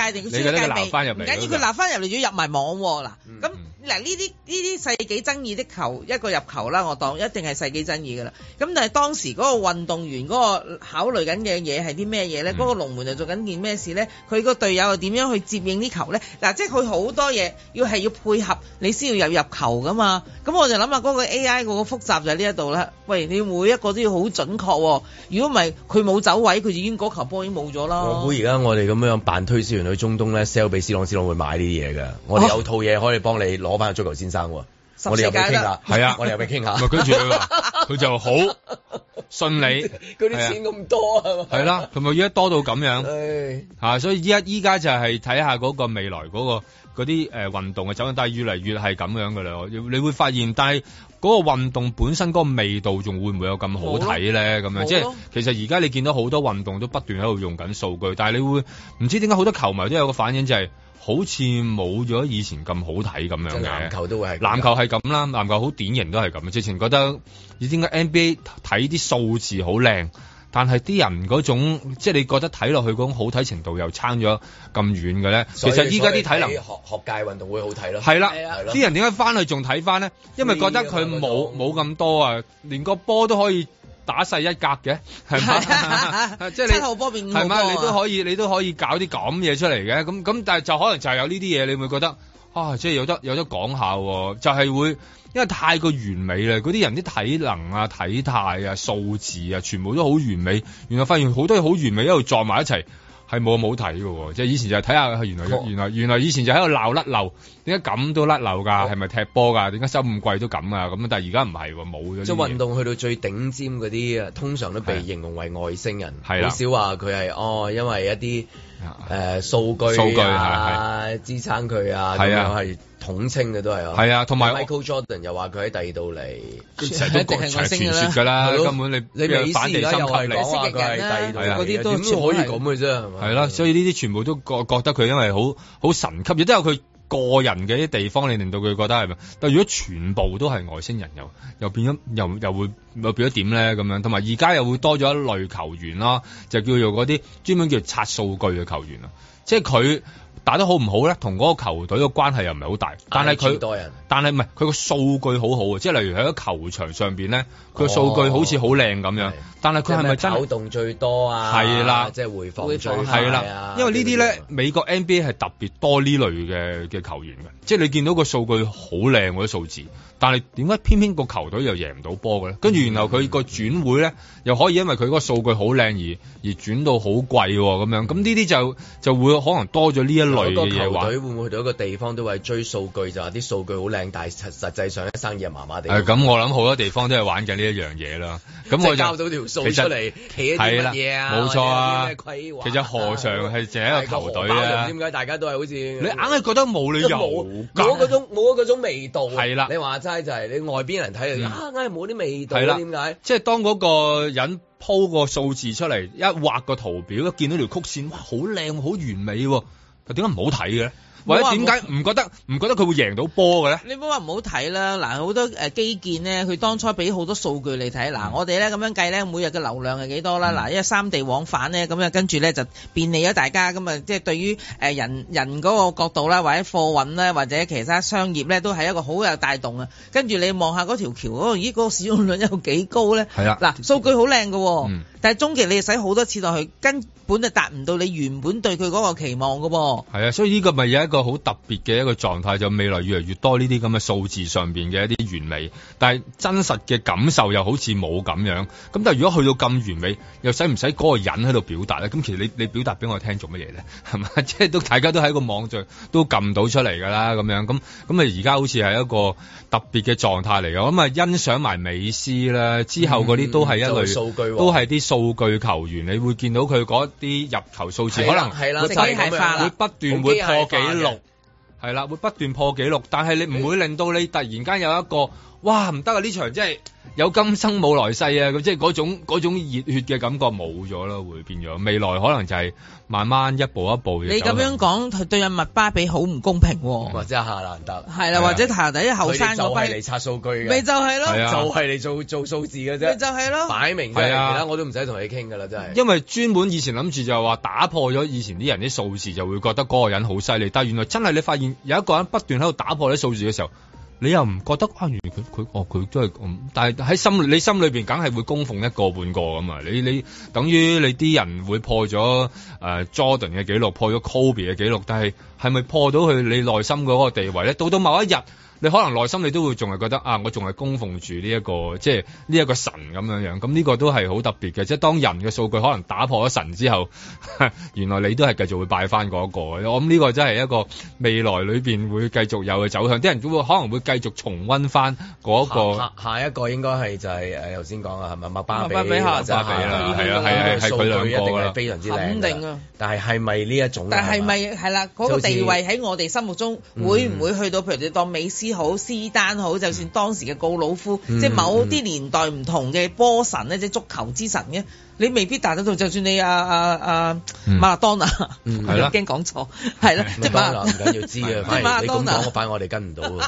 界定，佢出咗界定，唔 緊、就是、要佢立翻入嚟，要入埋網嗱、啊，咁嗱呢啲呢啲世紀爭議的球，一個入球啦，我當一定係世紀爭議噶啦。咁但係當時嗰個運動員嗰個考慮緊嘅嘢係啲咩嘢咧？嗰、嗯嗰個龍門又做緊件咩事咧？佢個隊友又點樣去接應啲球咧？嗱，即係佢好多嘢要係要配合，你先要入入球噶嘛。咁我就諗下嗰個 AI 嗰個複雜就係呢一度啦。喂，你每一個都要好準確喎、哦。如果唔係，佢冇走位，佢已經嗰球波已經冇咗啦。我估而家我哋咁樣。想扮推銷員去中東咧 sell 俾 C 朗，C 朗會買呢啲嘢嘅，我哋有套嘢可以幫你攞翻阿足球先生，我哋又去傾下。係啊，我哋又去傾下。 跟住佢就好信你，嗰啲錢咁、啊、多係、啊、嘛？係啦、啊，同埋而家多到咁樣，吓， 所以依家依家就係睇下嗰個未來嗰、嗰個嗰啲誒運動嘅走向，但係越嚟越係咁樣噶啦，你會發現，但係。嗰、那個運動本身嗰個味道仲會唔會有咁好睇咧？咁樣即係其實而家你見到好多運動都不斷喺度用緊數據，但係你會唔知點解好多球迷都有個反應就係、是、好似冇咗以前咁好睇咁樣嘅。籃球都會係，籃球係咁啦，籃球好典型都係咁。之前覺得咦，點解 NBA 睇啲數字好靚？.但係啲人嗰種，即係你覺得睇落去嗰種好睇程度又差咗咁遠嘅咧。其實依家啲體能學，學界運動會好睇咯。係啦，啲人點解翻去仲睇翻咧？因為覺得佢冇冇咁多啊，連個波都可以打細一格嘅，係咪？即 係、 啊、 你波你都可以，你都可，可以搞啲咁嘢出嚟嘅。咁咁，但係就可能就係有呢啲嘢，你會覺得啊，即係有得有得講下、啊，就係、係、會。因為太過完美啦，嗰啲人啲體能啊、體態啊、數字啊，全部都好完美。原來發現好多嘢，好完美一路撞埋一齊，係冇咁好睇嘅。即係以前就係睇下，原來、Oh。原來原來以前就喺度鬧甩漏。點解咁都甩流噶？係咪踢波噶？點解收咁貴都咁啊？咁但係而家唔係，冇咗。即係運動去到最頂尖嗰啲啊，通常都被形容為外星人，係好少話佢係哦，因為一啲誒數據、數據支撐佢啊，咁樣係統稱嘅都係。係啊，同、啊、埋、啊、Michael Jordan 又話佢喺第二度嚟，成日都講成傳說噶啦，根本你你反地心推嚟，我話佢係第二度，嗰、啊、啲都唔可以咁嘅啫，係嘛？係啦，所以呢啲全部都覺覺得佢因為好好神級，亦都有佢。個人嘅一啲地方，你令到佢覺得係咪？但係如果全部都係外星人，又變又，又，又變咗，又又會又變咗點咧？咁樣同埋而家又會多咗一類球員啦，就叫做嗰啲專門叫做刷數據嘅球員啦，即係佢。打得好唔好咧？同嗰個球隊嘅關係又唔係好大，但係佢，但係唔係佢個數據好好啊！即係例如喺個球場上邊咧，佢個數據好似好靚咁樣，但係佢係咪真跑動最多啊？係啦，即係回防最多係啦，因為呢啲咧美國 NBA 係特別多呢類嘅嘅球員嘅，即係你見到個數據好靚嗰啲數字。但係點解偏偏個球,球隊又贏唔到波嘅咧？跟住然後佢個轉會咧，又可以因為佢個個數據好靚而而轉到好貴喎、哦、咁樣。咁呢啲就就會可能多咗呢一類嘅話。球隊會唔會去到一個地方都係追數據，就話啲數據好靚，但係實際上生意麻麻地。咁、啊，我諗好多地方都係玩緊呢一樣嘢啦。咁我就交到條數出嚟，企一啲乜嘢啊？冇錯啊,啊！其實何嘗係淨係一個球隊啊？點解大家都係好似你硬係覺得冇理由冇冇嗰種味道？啦， 你就係、是、你外邊人睇啊、嗯、啊，硬係冇啲味道，啦。點解？即係當嗰個人鋪個數字出嚟，一畫個圖表，一見到條曲線，哇，好靚，好完美、啊，但點解唔好睇嘅咧？或者點解唔覺得唔覺得佢會贏到波嘅咧？你冇話唔好睇啦，嗱好多誒基建咧，佢當初俾好多數據你睇，嗱我哋咧咁樣計咧，每日嘅流量係幾多啦？嗱，因為三地往返咧，咁啊跟住咧就便利咗大家，咁啊即係對於誒人人嗰個角度啦，或者貨運咧，或者其他商業咧，都係一個好有帶動啊。跟住你望下嗰條橋，嗰咦嗰個使用率有幾高咧？係啊，嗱數據好靚㗎喎。但係中期你使好多次落去，根本就達唔到你原本對佢嗰個期望嘅喎。係啊，所以呢個咪有一個好特別嘅一個狀態，就未來越嚟越多呢啲咁嘅數字上邊嘅一啲完美，但係真實嘅感受又好似冇咁樣，咁但係如果去到咁完美，又使唔使嗰個人喺度表達咧？咁其實你你表達俾我聽做乜嘢咧？係嘛，即係都大家都喺個網上都撳到出嚟㗎啦，咁樣咁咁啊，而家好似係一個特別嘅狀態嚟㗎。咁啊，欣賞埋美思啦，之後嗰啲都係一類、嗯就是、數據都係啲。數據球員你會見到佢嗰啲入球數字，可能係啦，會不斷會破紀錄，係啦、啊啊啊就是，會不斷破紀錄、啊。但係你唔會令到你突然間有一個。哇，唔得啊！呢場真係有今生冇來世啊！咁即係嗰種嗰種熱血嘅感覺冇咗咯，會變咗。未來可能就係慢慢一步一步。你咁樣講對阿麥巴比好唔公平，啊嗯，或者夏蘭特？係啦，啊，或者夏蘭德啲後生嗰批，就嚟刷數據嘅，咪就係咯，啊，就係嚟做做數字嘅啫，就係咯，擺明就係，是啊，其他我都唔使同你傾噶啦，真係。因為專門以前諗住就話打破咗以前啲人啲數字就會覺得嗰個人好犀利，但係原來真係你發現有一個人不斷喺度打破啲數字嘅時候。你又唔覺得啊？原來佢佢哦佢都係咁、嗯，但係喺心裏你心裏邊梗係會供奉一個半個咁啊！你你等於你啲人會破咗誒、呃、Jordan 嘅記錄，破咗 Kobe 嘅記錄，但係係咪破到佢你內心嗰個地位咧？到到某一日。你可能內心你都會仲係覺得啊，我仲係供奉住呢一個即係呢一個神咁樣樣，咁呢個都係好特別嘅。即係當人嘅數據可能打破咗神之後哈哈，原來你都係繼續會拜翻嗰一個。我諗呢個真係一個未來裏面會繼續有嘅走向。啲人都會可能會繼續重溫翻嗰個下下。下一個應該係就係誒頭先講啊，係咪麥巴比？麥巴比下就係啦，係啊係係一定係非常之靚。肯定啊！但係係咪呢一種但係咪係啦？嗰個地位喺我哋心目中會唔會去到、嗯？譬如你當美斯。好，斯丹好，就算當時嘅高爾夫，嗯、即係某啲年代唔同嘅波神咧、嗯，即係足球之神嘅，你未必達得到。就算你啊啊啊，阿馬拉當娜，驚、嗯、講、嗯、錯，係啦。馬拉當、即係、娜唔緊要知啊。反而你咁講嗰版我哋跟唔到。係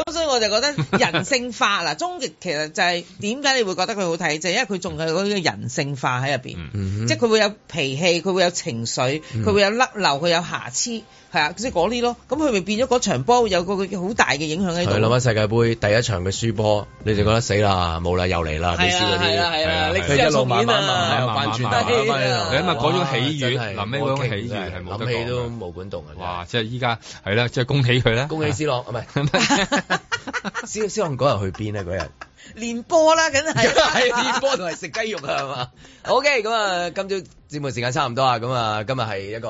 我就覺得人性化啦，終極其實就係點解你會覺得佢好睇，就係、是、因為佢仲有嗰啲人性化喺入面，mm -hmm. 即係佢會有脾氣，佢會有情緒，佢、mm -hmm. 會有甩漏，佢有瑕疵，係啊，即係嗰啲咯。咁佢咪變咗嗰場波有個好大嘅影響喺度。諗翻世界盃第一場嘅輸波，你就覺得死啦，冇啦，又嚟啦，你知嗰啲。係啊係啊係啊，你一路慢慢慢慢轉，你今日講咗喜悅，臨尾嗰個喜悅係冇得講，都冇管動啊！哇，即係依家係啦，即係恭喜佢啦！ 恭喜斯洛唔係 蕭蕭雄嗰日去邊咧？嗰日練波啦，梗係係練波同埋食雞肉啦，係嘛？OK，咁啊，今朝節目時間差唔多啊，咁啊，今日係一個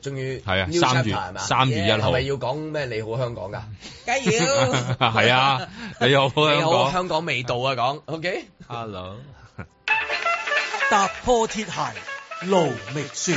終於係啊三月三月一號係咪要講咩？你好香港噶雞要係啊，你好香港， 你好香港味道啊，講，OK，Hello，okay？ 踏破鐵鞋路未絕。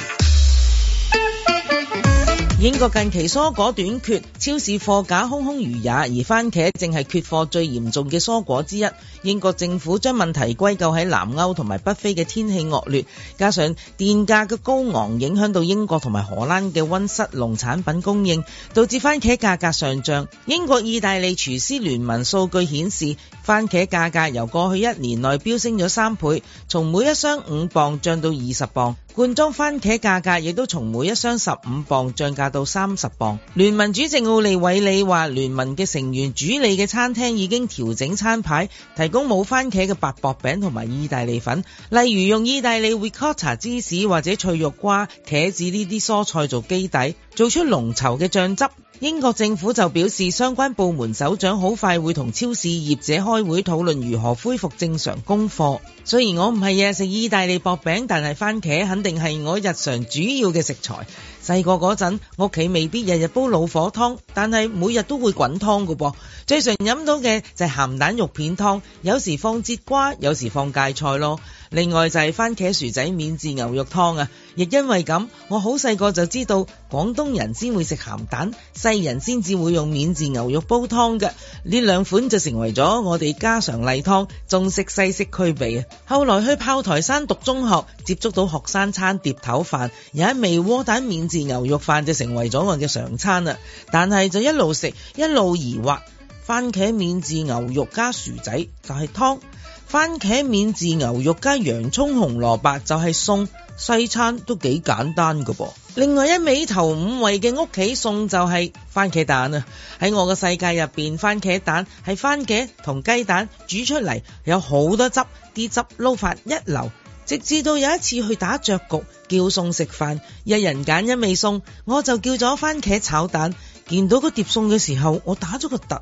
英國近期蔬果短缺，超市貨架空空如也，而番茄正係缺貨最嚴重嘅蔬果之一。英國政府將問題歸咎喺南歐同埋北非嘅天氣惡劣，加上電價嘅高昂，影響到英國同埋荷蘭嘅溫室農產品供應，導致番茄價格上漲。英國意大利廚師聯盟數據顯示，番茄價格由過去一年內飆升咗三倍，從每一箱五磅漲到二十磅。罐裝番茄價格亦都從每一箱十五磅漲價到三十磅。聯盟主席奧利維利話：聯盟嘅成員主理嘅餐廳已經調整餐牌，提供冇番茄嘅白薄餅同埋意大利粉，例如用意大利 ricotta 芝士或者脆肉瓜、茄子呢啲蔬菜做基底，做出濃稠嘅醬汁。英國政府就表示，相關部門首長好快會同超市業者開會討論如何恢復正常供貨。雖然我唔係日日食意大利薄餅，但係番茄肯定係我日常主要嘅食材。細個嗰陣，屋企未必日日煲老火湯，但係每日都會滾湯噶噃。最常飲到嘅就係鹹蛋肉片湯，有時放節瓜，有時放芥菜咯。另外就係番茄薯仔免治牛肉湯啊。亦因為咁，我好細個就知道廣東人先會食鹹蛋，細人先至會用免治牛肉煲湯嘅。呢兩款就成為咗我哋家常例湯，中式西式俱備。啊。後來去炮台山讀中學，接觸到學生餐碟頭飯，有一味窩蛋麵。免治免治牛肉飯就成為咗我嘅常餐啦，但係就一路食一路疑惑。番茄免治牛肉加薯仔就係、是、湯，番茄免治牛肉加洋葱紅蘿蔔就係、是、餸，西餐都幾簡單㗎噃。另外一味頭五位嘅屋企餸就係番茄蛋啊！喺我嘅世界入面，番茄蛋係番茄同雞蛋煮出嚟，有好多汁，啲汁撈法一流。直至到有一次去打雀局叫餸食飯，一人揀一味餸，我就叫咗番茄炒蛋。見到個碟餸嘅時候，我打咗個突，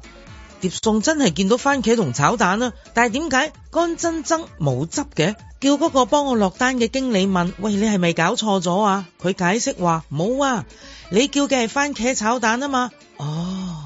碟餸真係見到番茄同炒蛋啊。但係點解乾爭爭冇汁嘅？叫嗰個幫我落單嘅經理問：喂，你係咪搞錯咗啊？佢解釋話：冇啊，你叫嘅係番茄炒蛋啊嘛。哦，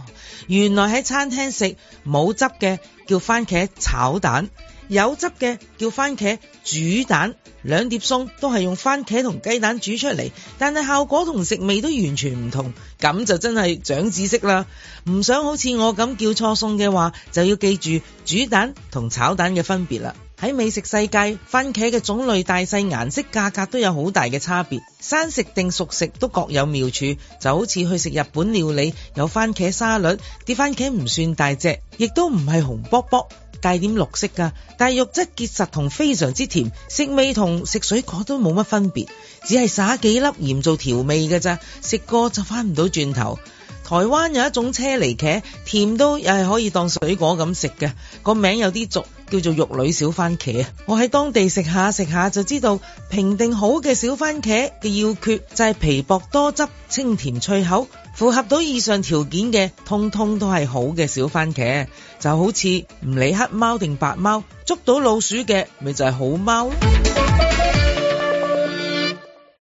原來喺餐廳食冇汁嘅叫番茄炒蛋。有汁嘅叫番茄煮蛋，兩碟餸都係用番茄同雞蛋煮出嚟，但係效果同食味都完全唔同，咁就真係長知識啦。唔想好似我咁叫錯餸嘅話，就要記住煮蛋同炒蛋嘅分別啦。喺美食世界，番茄嘅種類、大細、顏色、價格都有好大嘅差別，生食定熟食都各有妙處。就好似去食日本料理，有番茄沙律，啲番茄唔算大隻，亦都唔係紅卜卜。帶點綠色噶，但係肉質結實同非常之甜，食味同食水果都冇乜分別，只係撒幾粒鹽做調味嘅咋，食過就翻唔到轉頭。台灣有一種車厘茄，甜到又係可以當水果咁食嘅，個名有啲俗，叫做玉女小番茄啊。我喺當地食下食下就知道，評定好嘅小番茄嘅要訣就係皮薄多汁、清甜脆口。符合到以上條件嘅，通通都係好嘅小番茄，就好似唔理黑貓定白貓，捉到老鼠嘅咪就係好貓。